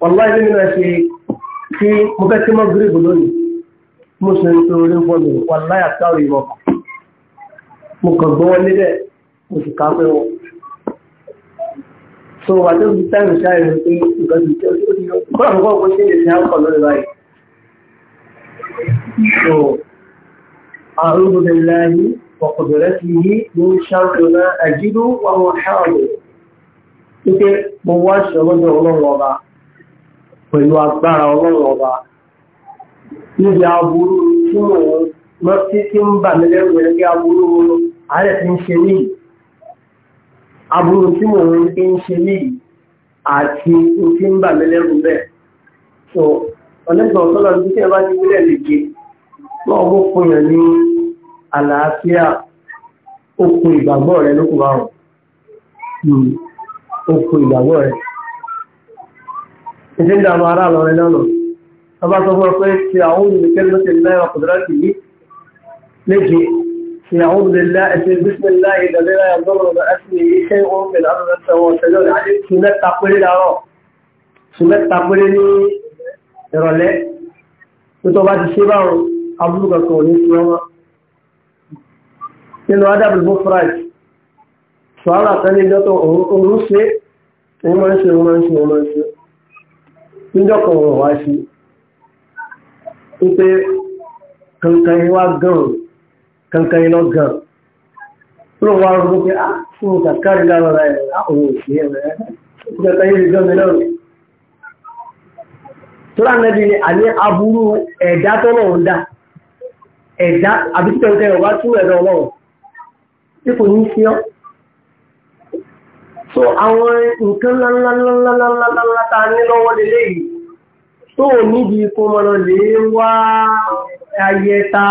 wàlúwà ilé mi máa ṣe kí mo fẹ́ kí mọ́ gírígù lónìí mo sì ń tó orí fọ́ mi wàlúwà so wà tó fi táìmù ṣáà ìlú pé nǹkan ti tẹ́ ojú ojú kọ́ àwọn ọkọ̀ ṣe lè ṣe àkọ́ lórí báyìí. so أعوذ بالله وقدرته من شر ما أجد وهو حاضر wípé mo wá ṣe ọlọ́dọ̀ ọlọ́run ọba pẹ̀lú agbára ọlọ́run ọba níbi aburú tí mò ń rántí tí ń bà mí lẹ́rù rẹ̀ kí aburú àárẹ̀ ti ń ṣe níyì aburú tí mò ń rí ń ṣe níyì àti tí ń bà mí lẹ́rù bẹ́ẹ̀ so ọlẹ́sìn ọ̀tọ́lọ́ ní títí ẹ bá ti wílẹ̀ lèje náà ó fún yàn ní àlàáfíà ó kun ìgbàgbọ́ rẹ̀ lókùnrin oko ìgbàgbọ́ rẹ̀. Ìṣẹ́ ìdá àwọn ará lọ́rẹ̀ lọ́nà. Ọba sọ fún ọ pé ṣe àwọn olùdíkẹ́ lọ́tẹ̀ láì wà kùdúrà sí yìí. Méje, ṣe àwọn olùdíkẹ́ ẹ̀ṣẹ̀ bísí láì ìdàlẹ́ láì ọgọ́rùn ọ̀dọ̀ ẹ̀ṣẹ̀ iṣẹ́ ìwọ̀n pẹ̀lú àwọn ọ̀sẹ̀ wọn ṣẹlẹ̀ ọ̀dọ̀ àti ṣù mẹ́ta péré lárọ̀. Ṣù mẹ́ta Nínú Adábùl Bófúráìsì, sọ́ọ́rà tán ní dọ́tọ̀ òun ṣe òun máa ń ṣe òun máa ń ṣe òun máa ń ṣe níjọ́ kan wọ̀ wá sí wípé kankan yìí wá gan kankan yìí lọ gan ló wá rú pé á fún mi kàkárí lára rẹ̀ àwọn ah, òṣì rẹ̀ kankan yìí gan mi náà tó lánàá bí àní aburú ẹ̀dá tọ́lọ̀ ń dá ẹ̀dá àbí tí kankan yìí wá túmọ̀ so àwọn nǹkan ńláńláńláńláńláńlá ta ní lọ́wọ́ lélẹ́ yìí tó níbi kó mọ́nà lè wá ayẹta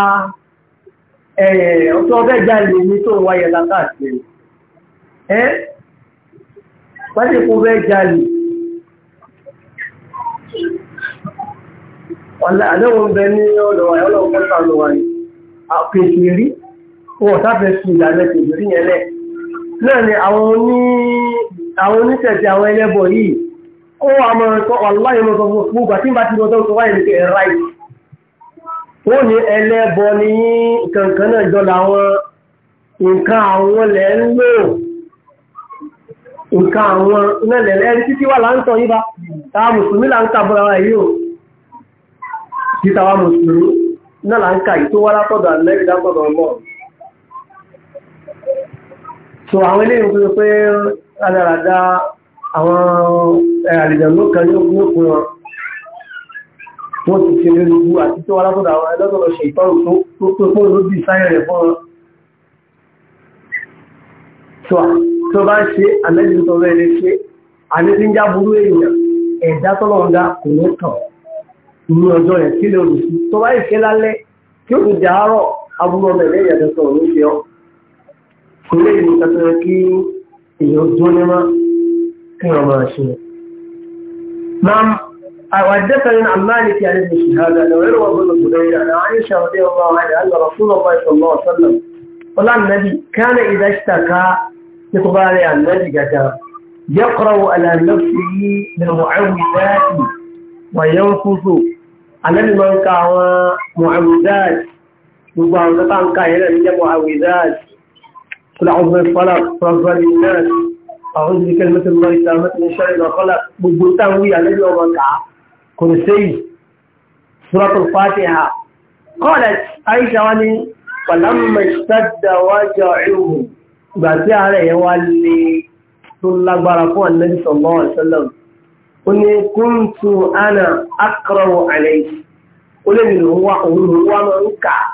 ọ̀tọ́ ọ̀fẹ́ jáde ní tó wá ayẹta káàkiri ẹ́ pàtí kó fẹ́ jáde àdéhùn bẹ ní ọ̀dọ̀ ọ̀yọ́ lọ́wọ́ pẹ́ta rí wọ́n sí náà ni àwọn oníṣẹ̀ṣẹ̀ àwọn ẹlẹ́bọ̀ yìí ó wà mọ́ ẹ̀kọ́ ọ̀láyé mọ́ sọ fún gbogbo àti bá ti lọ sọ́kọ́ wáyé nìkẹ́ ẹ̀rá yìí ó ní ẹlẹ́bọ̀ ní kankan náà jọ làwọn nǹkan àwọn lẹ̀ ń lò nǹkan àwọn náà lẹ̀ lẹ́rí títí wà láǹtọ̀ yìí bá táwa mùsùlùmí là ń kà bọ́ra wa yìí o títàwa mùsùlùmí náà là ń kà yìí tó wá látọ̀dọ̀ àlẹ́rí látọ̀dọ̀ so àwọn eléyìí tó pé rádaràdá àwọn eh, àlìjànú kan yóò kún òkun wọn wọ́n ti ṣe lórí ibú àti tó alákọ̀dọ̀ àwọn ẹlọ́tọ̀lọ́ ṣe ìtọ́rù tó tó fún ìlú bí sáyẹ̀ rẹ̀ fún wọn so tó bá ń ṣe àmẹ́jì tó rẹ̀ lè ṣe àlejò ń já burú èèyàn ẹ̀dá tọ́lọ̀ ń dá kò ní tàn ní ọjọ́ yẹn kí lè rù sí tó bá ìṣe lálẹ́ kí ó ti dàárọ̀ aburú ọmọ ẹ̀lẹ́yìn àtẹ̀sọ̀ ṣe ọ́ ilé ìwòsàn tó yẹ kí èèyàn dún ní mọ́ kí wọ́n máa ṣe. Nam وحدثني عن مالك عن ابن شهاب عن عروه بن الزبير عن عائشه رضي الله عنها ان رسول الله صلى الله عليه وسلم قال النبي عن يقرا على نفسه من معوذات وينفث على من كان معوذات gbogbo àwọn tó bá ń كل عوض من الطلاق فرزان الناس أعوذ بكلمة الله شر إسلامتنا شعر وخلق مجبوطان ويا نبي وركع كرسي سورة الفاتحة قالت أي شواني فلما اشتد وجعوه باتي عليه والي صلى بركو النبي صلى الله عليه وسلم قلني كنت أنا أقرأ عليه قلني هو هو هو من كعب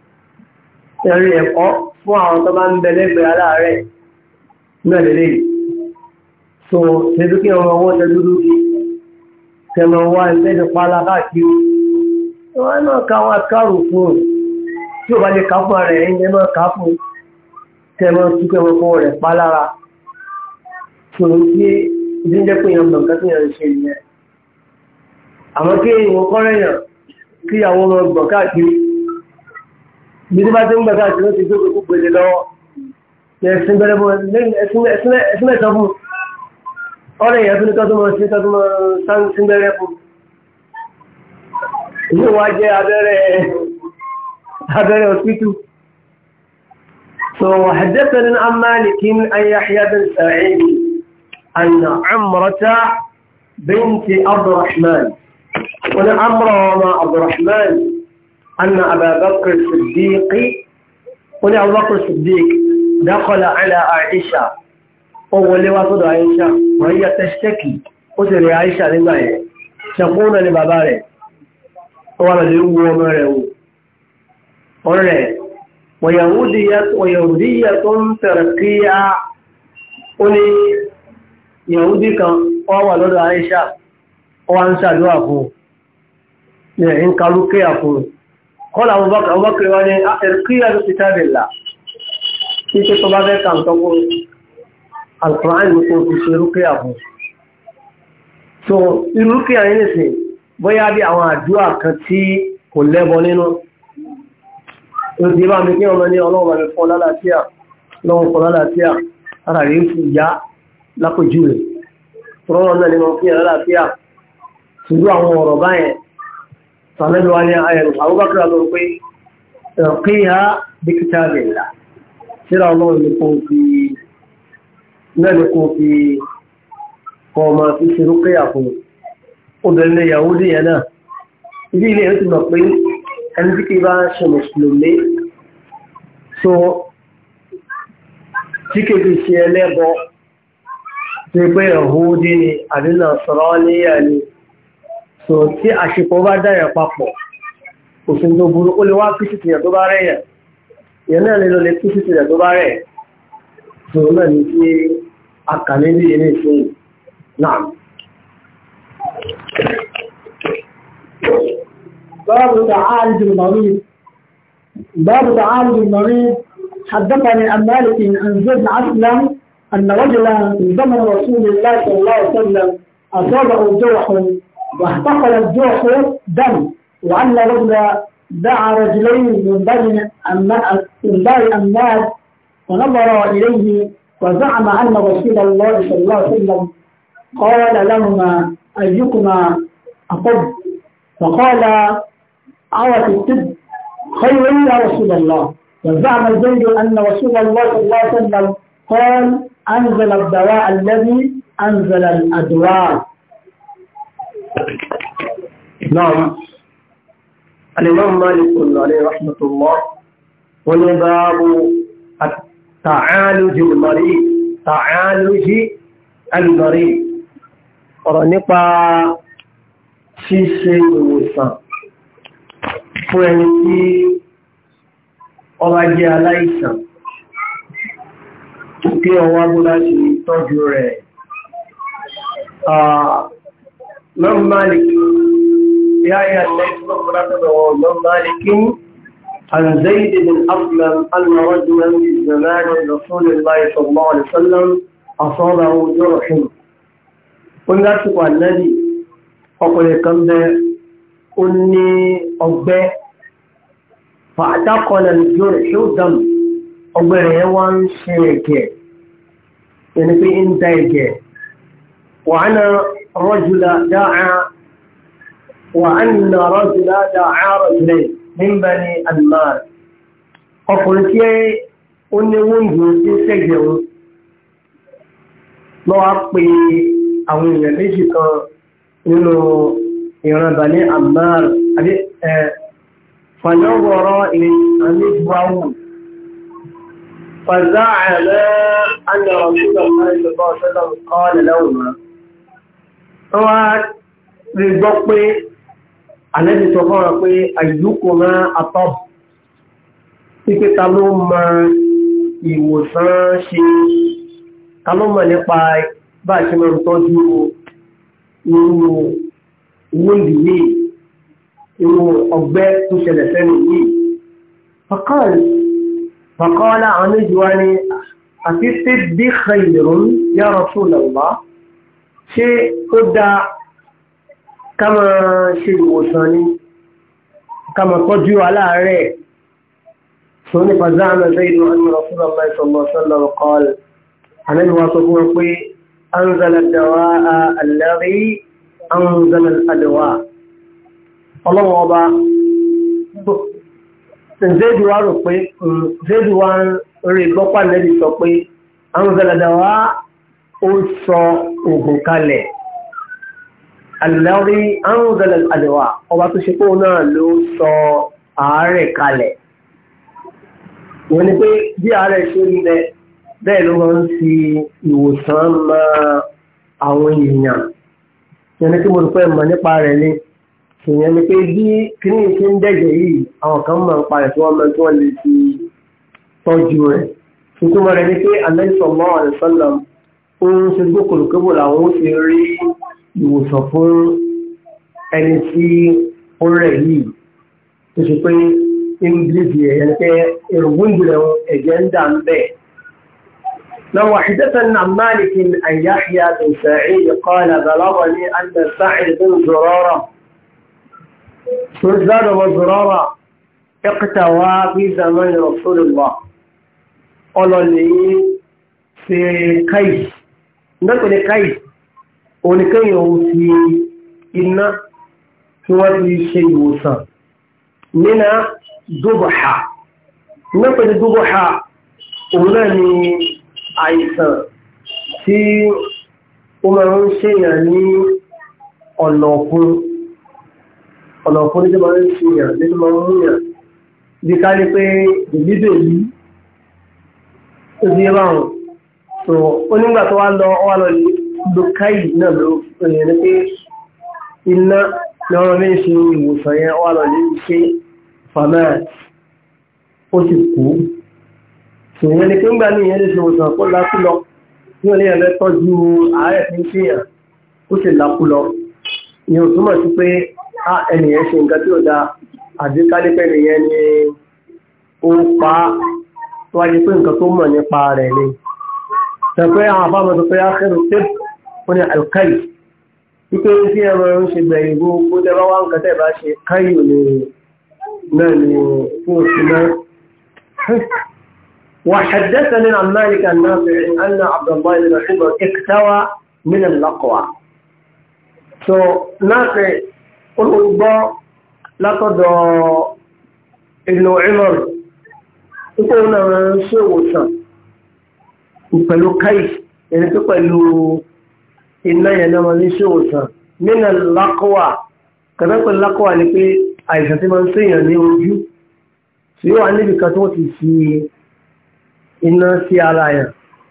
ẹ̀rí ẹ̀kọ́ fún àwọn tó bá ń bẹ lẹ́gbẹ̀ẹ́ aláàárẹ̀ mẹ́rẹ̀lẹ́ so tẹ́lú kí ọmọ owó tẹ́lú lórí tẹ́mọ wá ẹgbẹ́ ní pálá káàkiri wọ́n náà ká wá kárù fún un tí ò bá lè ká fún ara rẹ̀ pálára so ní jíjẹ́ pé èèyàn mọ̀ǹkan tí èèyàn ṣe nìyẹn àmọ́ kí èèyàn kọ́rẹ́yàn kíyàwó ọmọ gbọ̀n káàkiri bí tí bá ti ń gbà káàkiri ó ti gbé gbogbo gbèlè lọ́wọ́ ẹ̀sìn bẹ̀rẹ̀ bọ̀ ẹ̀sìn mẹ́ta fún ọ̀rẹ́ ìyá tó ní tọ́tún mọ́ sí tọ́tún mọ́ sáńsìn bẹ̀rẹ̀ fún ìlú wa jẹ́ abẹ́rẹ́ ọ̀sítù وحدثنا عن مالك أن يحيى بن سعيد أن عمرة بنت عبد الرحمن وأنا عمرة وما عبد الرحمن أن أبا بكر الصديق قل أبو بكر الصديق دخل على عائشة أول وصد عائشة وهي تشتكي أسر عائشة لما تقول لباباره وأنا لأبو ومره وره ويهودية ويهودية ترقية قل يهودي كان أول عائشة وأنسى دعاء فيه إن قالوا كيف kọ́lá Abubakar Abubakar wá ní ẹ̀rùkíyà ló fi tábìlá kí tí tó bá fẹ́ kà ń tọ́kú alkùnrin ní kò fi ṣe rúkìá fún so irúkìá yìí nìsín bóyá bí àwọn àdúrà kan tí kò lẹ́bọ nínú òsì bá mi kí ọmọ ní ọlọ́wọ́ mi fọ́ lálàáfíà lọ́wọ́ fọ́ lálàáfíà ara rèé fún ìyá lápòjú rẹ̀ àwọn ọ̀rọ̀ báyẹn sọ̀lẹ́lú wa ní ayẹ̀lú àwọ́bákúrà ló pé kí ha bí kí tábì ńlá síra ọlọ́run ní kò fi náà ní kò fi ọmọ fi ṣe rúkẹ́yà fún obìnrin ní Yahudi náà ibi ilé yẹn ti mọ̀ pé ẹni tí kì bá ṣe mùsùlùmí so tí kì í fi ṣe ẹlẹ́bọ ṣe pé Yahudi ni àbí Nasrani ni so tí àṣepọ̀ bá dáyà papọ̀ òfin tó burú ó lè wá kí títìyà tó bá rẹ̀ yẹn ìyẹn náà lè lọ lè kí títìyà tó bá rẹ̀ so náà ní kí akàlẹ́ ní ilé ìfún náà. باب تعالج المريض باب تعالج المريض حدثني عن مالك عن زيد اسلم ان رجلا في زمن رسول الله صلى الله عليه وسلم اصابه جرح واحتقل الجوع دم وأن رجل دعا رجلين من بين من الناس ونظر إليه وزعم أن رسول الله صلى الله عليه وسلم قال لهما أيكما أطب فقال عوت الطب خير يا رسول الله وزعم زيد أن رسول الله صلى الله عليه وسلم قال أنزل الدواء الذي أنزل الأدواء نعم الإمام مالك عليه رحمة الله ولباب التعالج المريض تعالج المريض ọ̀rọ̀ nípa ṣíṣe ìwòsàn fún ẹni tí ọba jẹ́ aláìsàn kí ọwá bó láti tọ́jú rẹ̀ Imam Malik يا الليث رحمه الله مالك عن زيد بن أسلم أن رجلا في زمان رسول الله صلى الله عليه وسلم أصابه جرح قلنا سوى النبي فقل كم أني أبي فاعتقل الجرح دم أبريوان شيكي يعني في إنتاجي وعنا رجل دعا وأن رجل دعا رجلين من بني المال ọkùnrin tí ó ní wúndù tí ṣẹ́gbẹ̀rún lọ wá pé àwọn èèyàn méjì kan nínú ìran bani ambar àbí ẹ fàyọ́wọ̀rọ̀ ìrìnàmígbáwò fàzáàrẹ́ anàrọ̀ sílọ̀ fàyẹ̀lẹ̀ bọ́ sílọ̀ kọ́ lẹ́lẹ́wọ̀n wọ́n á lè gbọ́ pé àlẹ́bí sọ fún wa pé àyíkò máa atọ́ pípé ta ló mọ ìwòsàn ṣe ta ló mọ̀ nípa bá a ṣe máa ń tọ́jú irú wóńdì yìí irú ọgbẹ́ tó ṣẹlẹ̀ sẹ́nu yìí fàkọ́ọ̀lá àwọn méjì wá ní àti tí bí khayr ya Rasulullah ṣé ó dáa ká máa ṣe ìwòsàn ni ká máa tọ́jú aláàárẹ̀ tó ní fàzáàmà zainu anna rasulullah sallallahu alaihi wasallam qala ànábì wa sọ fún wọn pé anzala ad-dawa'a alladhi anzala al-adwa' ọlọ́wọ́ ọba zéèdù pé zéèdù wa gbọ́pàá nẹ́bí sọ pé anzala ad ó sọ ògùn kalẹ̀ alẹ́rí arúnzẹ̀lẹ̀ àdẹ̀wà ọba tó ṣe kóò náà ló sọ ààrẹ kalẹ̀ wọ́n ni pé bí ààrẹ ṣe ń bẹ bẹ́ẹ̀ ló máa ń fi ìwòsàn mọ àwọn èèyàn yẹn ni kí mo pẹ́ mọ̀ nípa rẹ̀ ni ìyẹn ni pé bí kíní ti ń dẹ̀jẹ̀ yìí àwọn kan mọ̀ ń parẹ̀ tí wọ́n mọ̀ tí wọ́n lè fi tọ́jú rẹ̀ ìtumọ̀ rẹ̀ ni pé alẹ́ sọ̀mọ́ àlùfọ́lọ́mù ń ṣe gbókòlù kébò làwọn ó fi rí ìwòsàn fún ẹni tí ó rẹ̀ yìí tó ṣe pé english ẹ̀yẹ ń tẹ́ ìrùgbóǹdìrẹ̀ ẹ̀jẹ̀ ń dà ń bẹ̀. لو حدثنا عن مالك أن يحيى بن سعيد قال بلغني أن سعيد بن زرارة سلزان وزرارة اقتوى في زمن رسول الله قالوا لي في قيس ìdọ́pẹ̀ ní káì oníkẹ́yìn ohun fi iná tí wọ́n fi ṣe ìwòsàn nínú dóbòhà ìdọ́pẹ̀ ní dóbòhà òun náà ni àìsàn tí ó máa ń ṣèyàn ní ọ̀nà ọ̀fun ọ̀nà ọ̀fun nígbà máa ń ṣèyàn ń múyàn bí ní pé ìlídò yìí so onígbà tó wá lọ wá lọ lókàì náà ló rẹ̀ ní pé iná lọ́rọ̀ ní ṣe ìwòsàn yẹn wá lọ lè ṣe famat ó sì kú so ìyẹn ni pé ń gbà ní ìyẹn lè ṣe ìwòsàn kó lákú lọ ní ọ̀lẹ́ yẹn lẹ́ tọ́jú ààrẹ tí ń ṣèyàn ó sì lákú lọ ìyẹn ò túmọ̀ sí pé ah, ẹnìyẹn ṣe nǹkan tí ò dáa àbí kálípẹ́ nìyẹn ni ó pa wáyé pé nǹkan tó mọ̀ nípa rẹ̀ ni. تقول يا عفاما تقول يا خير السب هنا القي يكون فيها ما يوش بيبو قد روان كتب عشي قي نعم فوش ما وحدثني عن مالك النافع أن عبد الله بن حبر اكتوى من اللقوى so نافع قل الله لقد ابن عمر يقول لنا شو وصل pẹ̀lú káì ẹni tó pẹ̀lú iná yẹn náà ní ṣe òsàn nínú lákọ́wà kẹfẹ́ pẹ̀lú lákọ́wà ni pé àìsàn tí máa ń ṣèyàn ní ojú tí ó wà níbi kan tí wọ́n ti fi iná sí ara yẹn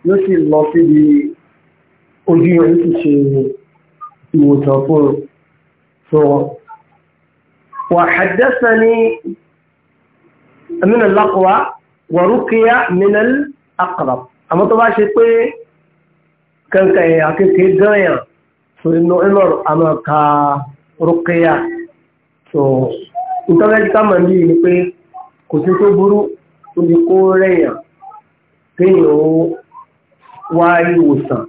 ló sì lọ síbi ojú yẹn ló sì ṣe ìwòsàn fún un. So, وحدثني من اللقوة ورقية من الأقرب àmọ́ tó bá ṣe pé kankan yẹn akéèké gányàn so inú inú àmọ́ ka so ìtọ́lẹ́jì ká màá níyì ni pé kò sí tó burú ó ní kó rẹ̀yàn kéèyàn ó wá ìwòsàn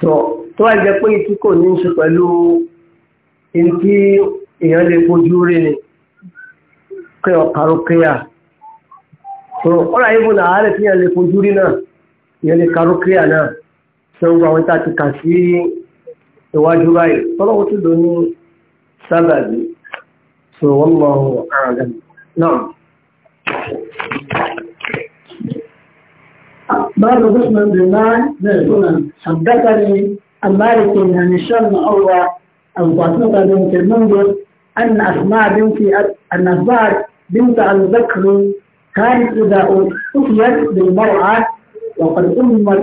so tó bá jẹ́ pé tí kò ní í ṣe pẹ̀lú ẹni tí èèyàn lè fojú rí ni kí ọ̀ka rúkẹ́yà so ọ̀rọ̀ ayébò náà ààrẹ tí yẹn lè fojú rí náà yẹn lè karó kíríà náà tí wọ́n gba àwọn tá a ti kà sí iwájú báyìí tọ́lọ́wọ́ tó lò ní sábàbí so wọ́n mọ àrùn dàbí náà. باب قسم بالمال بالغنى حدثني عن مالك عن هشام بن عروه او فاطمه بنت المنذر ان اسماء بنت ان اسماء بنت ابي بكر كانت إذا أتيت بالمرأة وقد أمت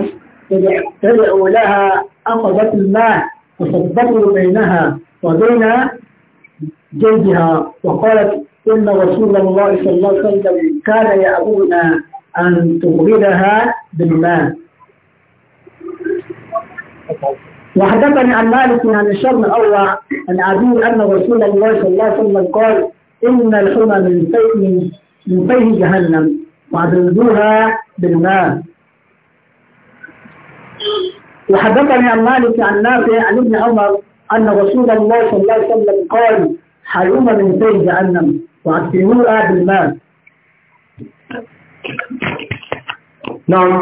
تدعو لها أخذت الماء وصدقوا بينها وبين جلدها وقالت إن رسول الله صلى الله عليه وسلم كان يأبونا أن تغربها بالماء وحدثني عن مالك عن الشرم الأول عن أبي أن رسول الله صلى الله عليه وسلم قال إن الحمى من من فيه جهنم وأدرجوها بالنار وحدثني عن مالك عن نافع عن ابن عمر أن رسول الله صلى الله عليه وسلم قال حيوم من فيه جهنم وأدفنوها بالماء نعم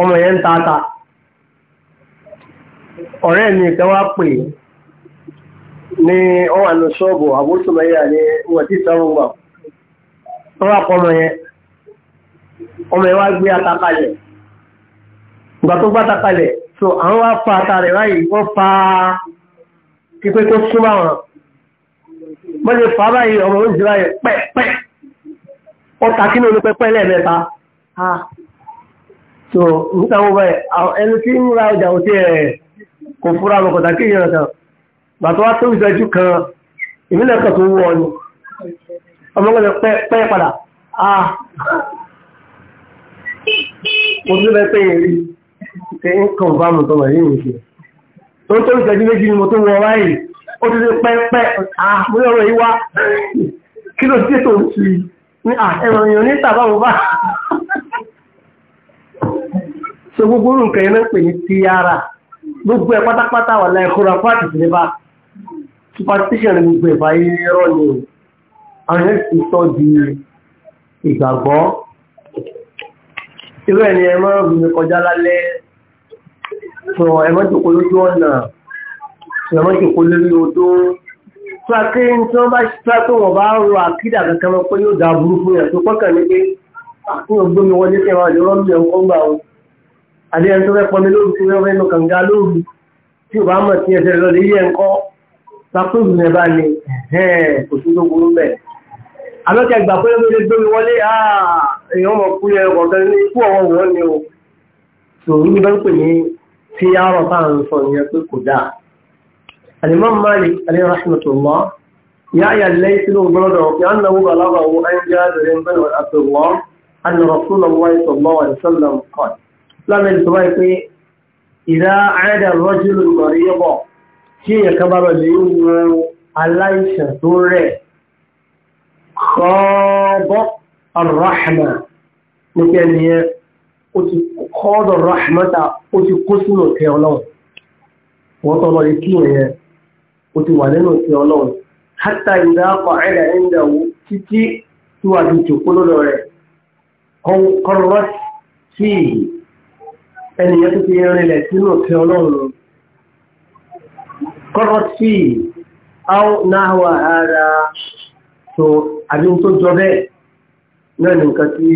ọmọ yẹn ń ta ata ọ̀rẹ́ mi kan wá pè ní ọwọ́ àná ṣọ́ọ̀bù àbóṣùmẹ́yà ní wọ́n ti sọ́run gbà wọ́n wá pọ̀ ọmọ yẹn ọmọ ẹ̀ wá gbé ata ìgbà tó gbá ata so àwọn wá fa ata rẹ̀ báyìí wọ́n fa kípé tó súnmọ́ wọn wọ́n lè fa báyìí ọmọ oúnjẹ báyìí pẹ́pẹ́ ọta kí ní olú lẹ́ẹ̀mẹ́ta ah, so nígbà wọn báyìí ẹni tí ń ra ọjà òtí ẹ̀ kò fúra lọ kọ̀tà kí èèyàn kan bàtọ́ wá tó ìṣẹ́jú kan ìmílẹ̀ kan tó wọ́ ni ọmọkùnrin pẹ́ padà ah mo tún bẹ pé èrí ṣe ń kàn bá mi tọmọ yìí nìṣe tó tó ìṣẹ́jú méjì ni mo tó wọ báyìí ó ti ṣe pẹ́pẹ́ ah mo ní ọ̀rọ̀ yìí wá kí ló dé tó ń tu ní ah ẹ̀rọ ìyọ̀ ní tàbá mo bá so gbogbo nǹkan yẹn náà pè ní tiara gbogbo ẹ̀ pátápátá wà láì kóra pàtì sí nípa superstition ní gbogbo ẹ̀fà yìí rọ̀ ni àwọn yẹn ti sọ di ìgbàgbọ́ irú ẹ̀ ni ẹ máa rìn kọjá lálẹ́ sọ ẹ máa jòkó lójú ọ̀nà sọ ẹ máa jòkó lórí odó tó akéyí tí wọ́n bá ṣíṣá tó wọ́n bá rọ àkídà kankan pé yóò dá burú fún yàtọ̀ pọ́kàn ní pé àkíyàn ah, gbómi wọlé sí ẹ̀rọ àjọ lọ́mọdé ọkọ̀ gbà wọn àbí ẹni tó fẹ́ pọnmi lóru tó fẹ́ nu kànga lóru tí ò bá mọ̀ sí ẹsẹ̀ lọ lè yí ẹ̀ ń kọ́ lápẹ́jù rẹ̀ bá ní kò sí tó burú bẹ́ẹ̀. àlọ́kẹ́ àgbà pé ló lè gbé mi wọlé èèyàn mọ̀ kú yẹn kọ̀ọ̀kan ní ikú ọ̀wọ́ wọn ni o tòun ní bá ń pè ní tí àárọ̀ tá à ń sọ ìyẹn pé kò dáa. Al-Imam Malik alayhi rahmatullah يا يا ليس له برده لأنه بلغه أن جابر بن عبد lọ́nà ìtọ́ báyìí pé ìdá àádà rọ́jú lórí yọ́bọ̀ tí èèyàn kan bá lọ lè wo aláìsàn tó rẹ̀ kọ́ọ̀bọ̀ arrahma ní kí ẹni yẹn ó ti kọ́ọ̀dọ̀ rahmata ó ti kó sínú òkè ọlọ́run wọ́n tọ́ lọ sí ìyí ẹnìyàn tó fi rinlẹ̀ sínú òfin ọlọ́run kọ́rọ̀ sí áwọ̀ náà wà ara tó àbín tó jọ bẹ́ẹ̀ náà ní nǹkan tí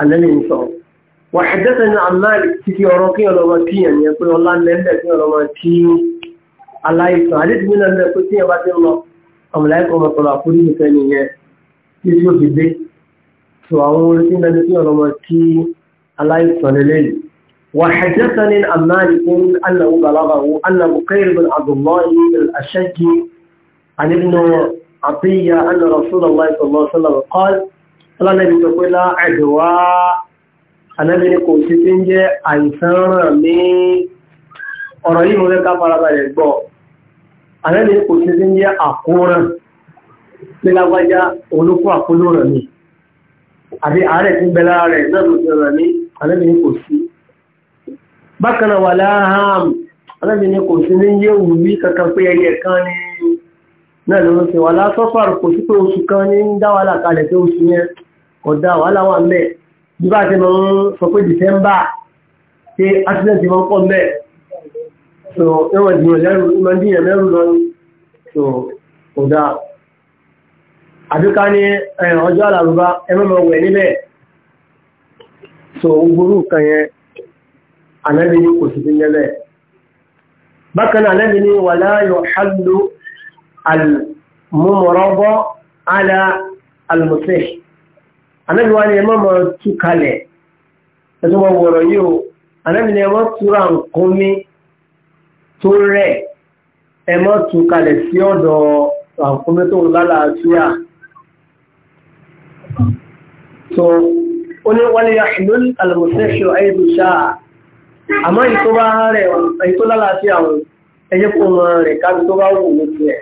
alẹ́lẹ́ ń sọ wà ẹ̀dẹ́sẹ̀ ní àmáàlì títí ọ̀rọ̀ kí ọlọ́mọ kí yẹn yẹn pé ọlá lẹ́lẹ̀ kí ọlọ́mọ kí aláìsàn àdéjì mílíọ̀n lẹ́ pé tí yẹn bá ti ń lọ ọmọláìkọ̀ ọmọ tọrọ nìkan nìyẹn tí tí ó fi dé tó àwọn orí tí ń lẹ́nu kí ọlọ́mọ kí aláìsàn lẹ́lẹ́yìí وحدثني عن مالك أنه بلغه أن بكير بن عبد الله الأشج عن ابن عطية أن رسول الله صلى الله عليه وسلم قال الله النبي تقول عدواء أنا من كوسيتين جي أنسان مي أرأي مولك أفراد البو أنا من كوسيتين جي أقونا للاواجا أولوكو أقولون مي أبي أعرف بلا رزق رمي أنا من كوسيتين bakana wà láàám alábi ni kò sí ní yé wùmí kankan pé ẹyẹ kan ní náà ló ń wà lásọ́fàrù kò sí pé oṣù kan ní ń dá wàhálà kalẹ̀ pé oṣù yẹn ọ̀dà wàhálà wà mẹ́ bí bá ti sọ pé dìsẹ́mbà pé mẹ́ so ẹwọ̀n ìdìyàn lẹ́rù máa ń dìyàn lẹ́rù lọ so ọ̀dà àdúkà ní ọjọ́ àlàrúbá ẹ so yẹn ànábì ní kò sí sí nílẹ̀ bákan náà ànábì ní wà láàyò ṣáàlù àlùmọ́mọ́rọ́bọ́ àlà àlùmọ́sẹ̀ ànábì wá ní ẹ máa máa tú kalẹ̀ ẹ tó máa wọ̀rọ̀ yìí o ànábì ní ẹ máa túra nǹkan tó rẹ̀ ẹ máa tú kalẹ̀ sí ọ̀dọ̀ àǹkómi tó ń lálàáfíà so ó ní wọ́n lè yà ìlú àlùmọ́sẹ̀ ṣe àìbùṣáà àmọ́ èyí tó bá rẹ̀ èyí tó lálàáfíà àwọn ẹjẹ́ kó mọ rẹ̀ kábi tó bá wù ní tiẹ̀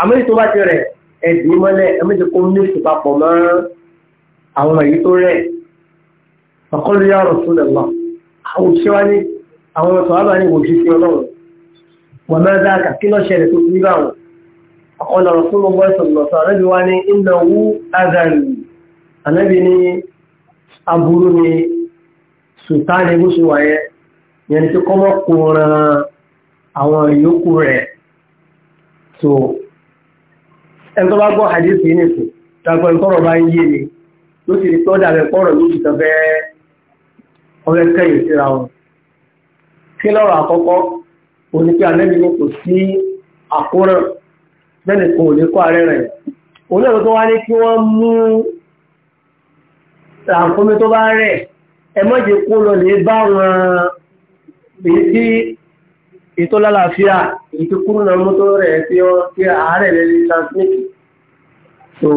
àmọ́ èyí tó bá ti rẹ̀ ẹ̀dì mọ́lẹ̀ ẹ̀mẹ́jẹ̀ kó ní ìsìn papọ̀ mọ́ àwọn èyí tó rẹ̀ ọ̀kọ́lù yà rọ̀ sólẹ̀ lọ àwọn òṣìṣẹ́ wá ní àwọn ọ̀tọ̀ àbá ní òjì sí ọlọ́run wọ́n mẹ́rin dáàkà kí lọ́ ṣẹlẹ̀ tó fi báwọn ọ̀kọ́lù rọ̀ sólẹ̀ bọ́ ìsọ̀lọ̀sọ̀ àrẹ́bí wá ní ìnáwó azari àrẹ́bí ní aburú ni sultani bó ṣe wà yẹn yẹn ni pé kọ́mọ́ kó ran àwọn ìyókù rẹ̀ tó ẹni tó bá gbọ́ hadith yìí nìkan dàgbọ́ ìtọ́rọ̀ bá ń yé ni ló sì rí pé dàbẹ̀ pọ́rọ̀ lójú tán fẹ́ ọ̀rẹ́ síra wọn kí lọ́rọ̀ àkọ́kọ́ òní pé kò sí àkóràn kò kó ààrẹ rẹ̀ tó wá ní kí wọ́n mú ràǹkómi tó bá rẹ̀ kó lọ lè bá wọn èyí tí ètò lálàáfíà èyí tó kúrò náà mọ́tò rẹ̀ tí ó tí àárẹ̀ rẹ̀ lè transmit so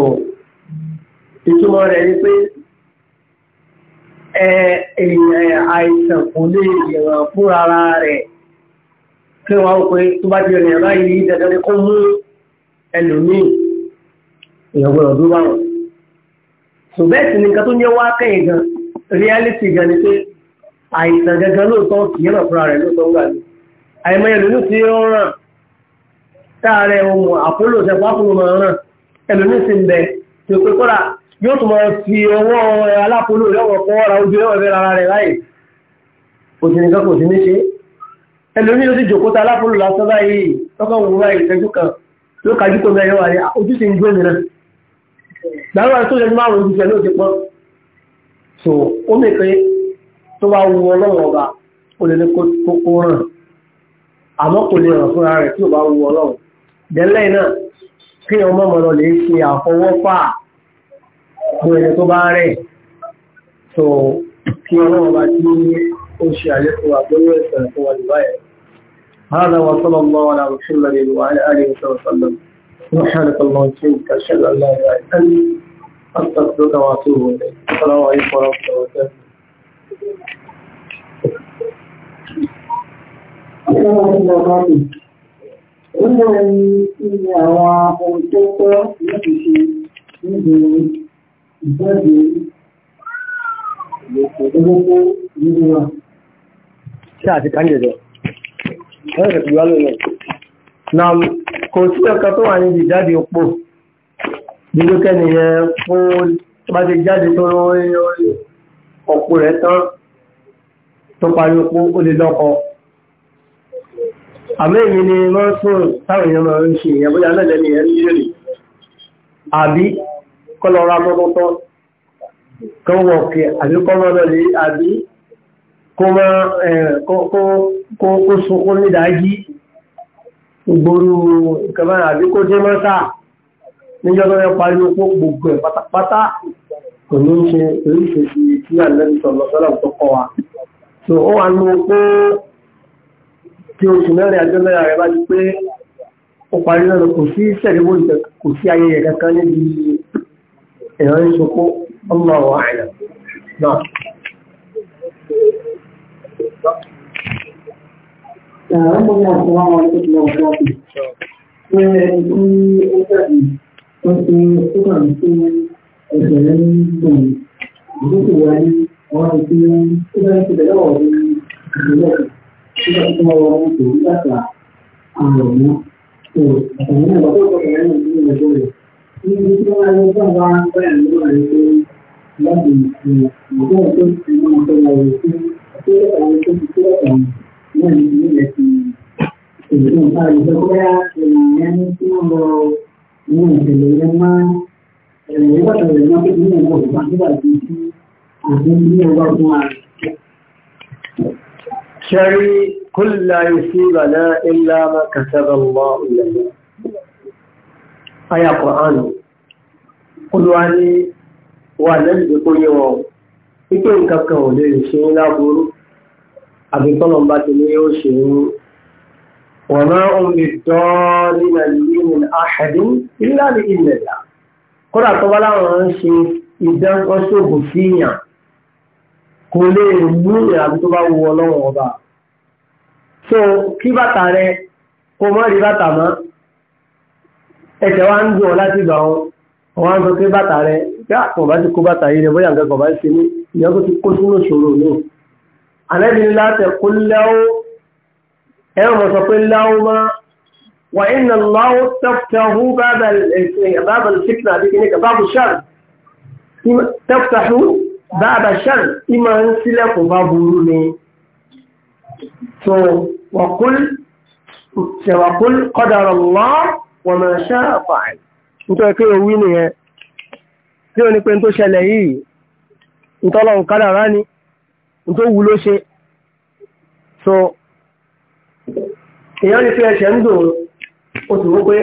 ìtumọ̀ rẹ̀ ni pé èèyàn àìsàn kò lè yẹ̀wọ̀n fún ara rẹ̀ kí wọ́n ń pè tó bá ti rìn ẹ̀rọ yìí ni kó mú ẹlòmíì èèyàn gbọ́dọ̀ báwọn so bẹ́ẹ̀ sì ni nǹkan tó ń yẹ wá kẹ́yìn gan reality gan ni pé àìsàn gẹ́gẹ́ lóòótọ́ kìí ràn fúnra rẹ̀ lóòótọ́ gbà ní àìmọ́ ẹlòmí tí ó ràn táàrẹ ohun àpólò ṣe pápùlù máa ràn ẹlòmí sì ń bẹ tí ó pé kọ́ra yóò tún máa fi ọwọ́ alápólò lọ́wọ́ kọ́ ra ojú lọ́wọ́ fẹ́ rárá rẹ̀ láì kò sí nìkan kò sí ní ṣe ẹlòmí ló sì jòkóta alápólò lásán báyìí tọ́kọ̀ wù wá ìṣẹ́jú kan ló kájú tó mẹ́rin wà tó bá wu ọlọ́run ọba ó lè ní kókó ràn àmọ́ kò lè ràn fúnra rẹ̀ tí ò bá wu ọlọ́run dẹ́lẹ́ náà kí ọmọ ọmọ lè ṣe àfọwọ́fà fún ẹni tó bá rẹ̀ tó kí ọlọ́run ọba tí ó ṣe àlékún àgbóyè ẹ̀sẹ̀ fún wa lùbáyẹ̀. هذا وصلى الله على رسول الله وعلى اله وسلم سبحانك اللهم وبحمدك اشهد ان لا اله الا انت استغفرك واتوب اليك السلام عليكم ورحمه الله وبركاته Ọjọ́ ẹni tí ni àwọn ohun tó tọ́ láti ṣe níbi ìgbẹ́gbẹ̀ ìgbẹ́gbẹ́ nínú wa. Ṣé àti kánjẹ̀jẹ̀? Ẹ̀rẹ̀ ìgbà lónìí. Na kò sí ọ̀kan tó wà ní ìjáde òpó. Bí lókẹ́ nìyẹn fún bá jáde tó rọ́ ọ̀pọ̀ rẹ̀ tán tó parí opó ó lè lọ́kọ. àmì èyí ni wọ́n fún táwọn èèyàn máa ń ṣe ìyẹn bóyá náà lẹ́nu ìyẹn nílò rẹ̀ àbí kọ́lọ̀ ra mọ́tọ́tọ́ kan wọ̀ kí àbí kọ́ mọ́ náà lè àbí kó máa kó sunkún nídàájí ìgboro àbí kó kò ní ṣe oríṣiríṣi tí àlẹ́bí sọ̀rọ̀ sọ́lá tó kọ́ wa so ó wà nínú pé tí oṣù mẹ́rin àjọ mẹ́rin rẹ̀ bá ti pé ó parí lọ́dọ̀ kò sí sẹ́ẹ̀dẹ́gbò kò sí ayẹyẹ kankan níbi ẹ̀rọ ìṣokó ọmọ àwọn àìlà náà. Àwọn ọmọ náà ti wá wọn ẹgbẹ̀rún ọ̀hún ìdókò wà ní ọwọ́ ìpín wọn tó bẹ́ẹ̀ ti bẹ̀rẹ̀ ọ̀rọ̀ ní ìpínlẹ̀ nígbà tí wọ́n wọ́n kò ní bàtà àrùn mọ́ tó àtàwọn náà bàtà ọ̀pọ̀ ẹ̀rọ ní ìlú ẹ̀gbọ́n rẹ̀ ní ibi tí wọ́n lọ bá wá bẹ́ẹ̀ ní wọ́n rẹ̀ pé láti ìgbà tó ti mọ́ ọ̀pọ̀ ẹ̀rọ sí pé àwọn tó ti tó ọ̀pọ̀ náà ní ìpínlẹ̀ ti ìlú náà bá ìjọba ẹ̀yà ẹ̀yà ní tí wọ́n lọ ní ìpínlẹ̀ ẹ̀rọ wà lọ́rẹ̀ náà pé ní ọgbọ̀n ìgbà nígbà tí tí àwọn ní ọgbà fún ara. Ṣẹ́rí kúlá ìsí ìbàdá ilá makasaba mọ́ ìlẹ̀lẹ̀. Aya Kọ̀ánù, Olúwa ní wà lẹ́lẹ̀ tó kó yé wọn, wípé nǹkan lè ṣe ń láburú, àbí tọ́lọ̀ bá ti ní yóò ṣe ń wọ̀n máa ń bí dọ́ọ́ nígbà kódà tó bá láwọn ń ṣe ìdán wọn ṣògùn sí ìyàn kò lè mú ìràbí tó bá wu ọlọ́run ọba so kí bàtà rẹ kò mọ́ rí bàtà mọ́ ẹsẹ̀ wa ń dùn ọ láti gbà wọn wọn á sọ pé bàtà rẹ yá kò bá ti kó bàtà yìí rẹ bóyá nǹkan kò bá ṣe ní ìyẹn tó ti kó sínú ìṣòro náà àlẹ́ mi láti kó lẹ́wọ́ ẹ̀rọ mọ̀ sọ pé lẹ́wọ́ máa. وإن الله تفتح باب باب الفتنة بكنيك باب الشر تفتح باب الشر إما أنسلك باب الرمي so, وقل وقل قدر الله وما شاء فعل nítorí pé òwú nìyẹn tí ó ní pé tó ṣẹlẹ̀ yìí ìtọ́lọ̀hùn kádàrá ni tó wù ló ṣe so èèyàn ní pé ẹ̀ṣẹ̀ ń dùn o sì wọ́n pé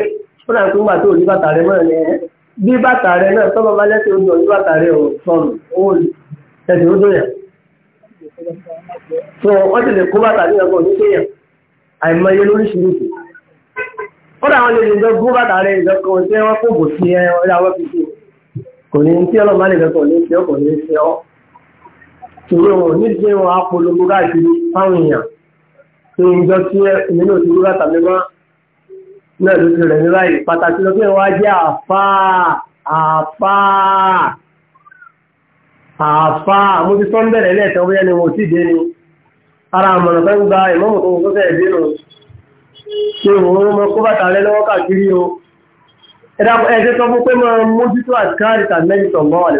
ó náà tó ń gbà tó ò ní bàtà rẹ mọ́ ẹ̀ bí bàtà rẹ náà tọ́lọ́ bá lẹ́sẹ̀ ó dùn ní bàtà rẹ ò sọnù ó ẹsẹ̀ ó dùn yẹn. tó wọ́n ti lè kó bàtà ní ọkọ̀ ní kéèyàn àìmọye lóríṣiríṣi. ó dà wọn lè lè gbọ́ bàtà rẹ ìjọkan tí wọ́n kò bò sí ẹ̀ ọ̀dà wọn fi sí kò ní tí ọlọ́mọ lè kẹ́kọ̀ọ́ ní ṣe ọkọ̀ ní ṣe ọ́ ṣùgbọ́n wọn ní ṣe wọn apolongo káàkiri fáwọn èèyàn tó ń jọ sí ẹ̀ nínú òṣèlú bàtà mi máa náà ló ti rẹ̀ ní báyìí pàtàkì lọ pé wá jẹ́ àfáà àfáà àfáà mo ti sọ́n bẹ̀rẹ̀ lẹ́ẹ̀tọ́ bóyá ni mo ti dé ni ara àmọ̀nà fẹ́ gba ìmọ̀mù tó tó fẹ́ẹ̀ dé nù ṣé òun mọ kó bàtà rẹ lọ́wọ́ káàkiri o ẹ dákun ẹ sọ fún pé mo mójútó àtikáàrí tàbí mẹ́jì tọ̀gbọ́n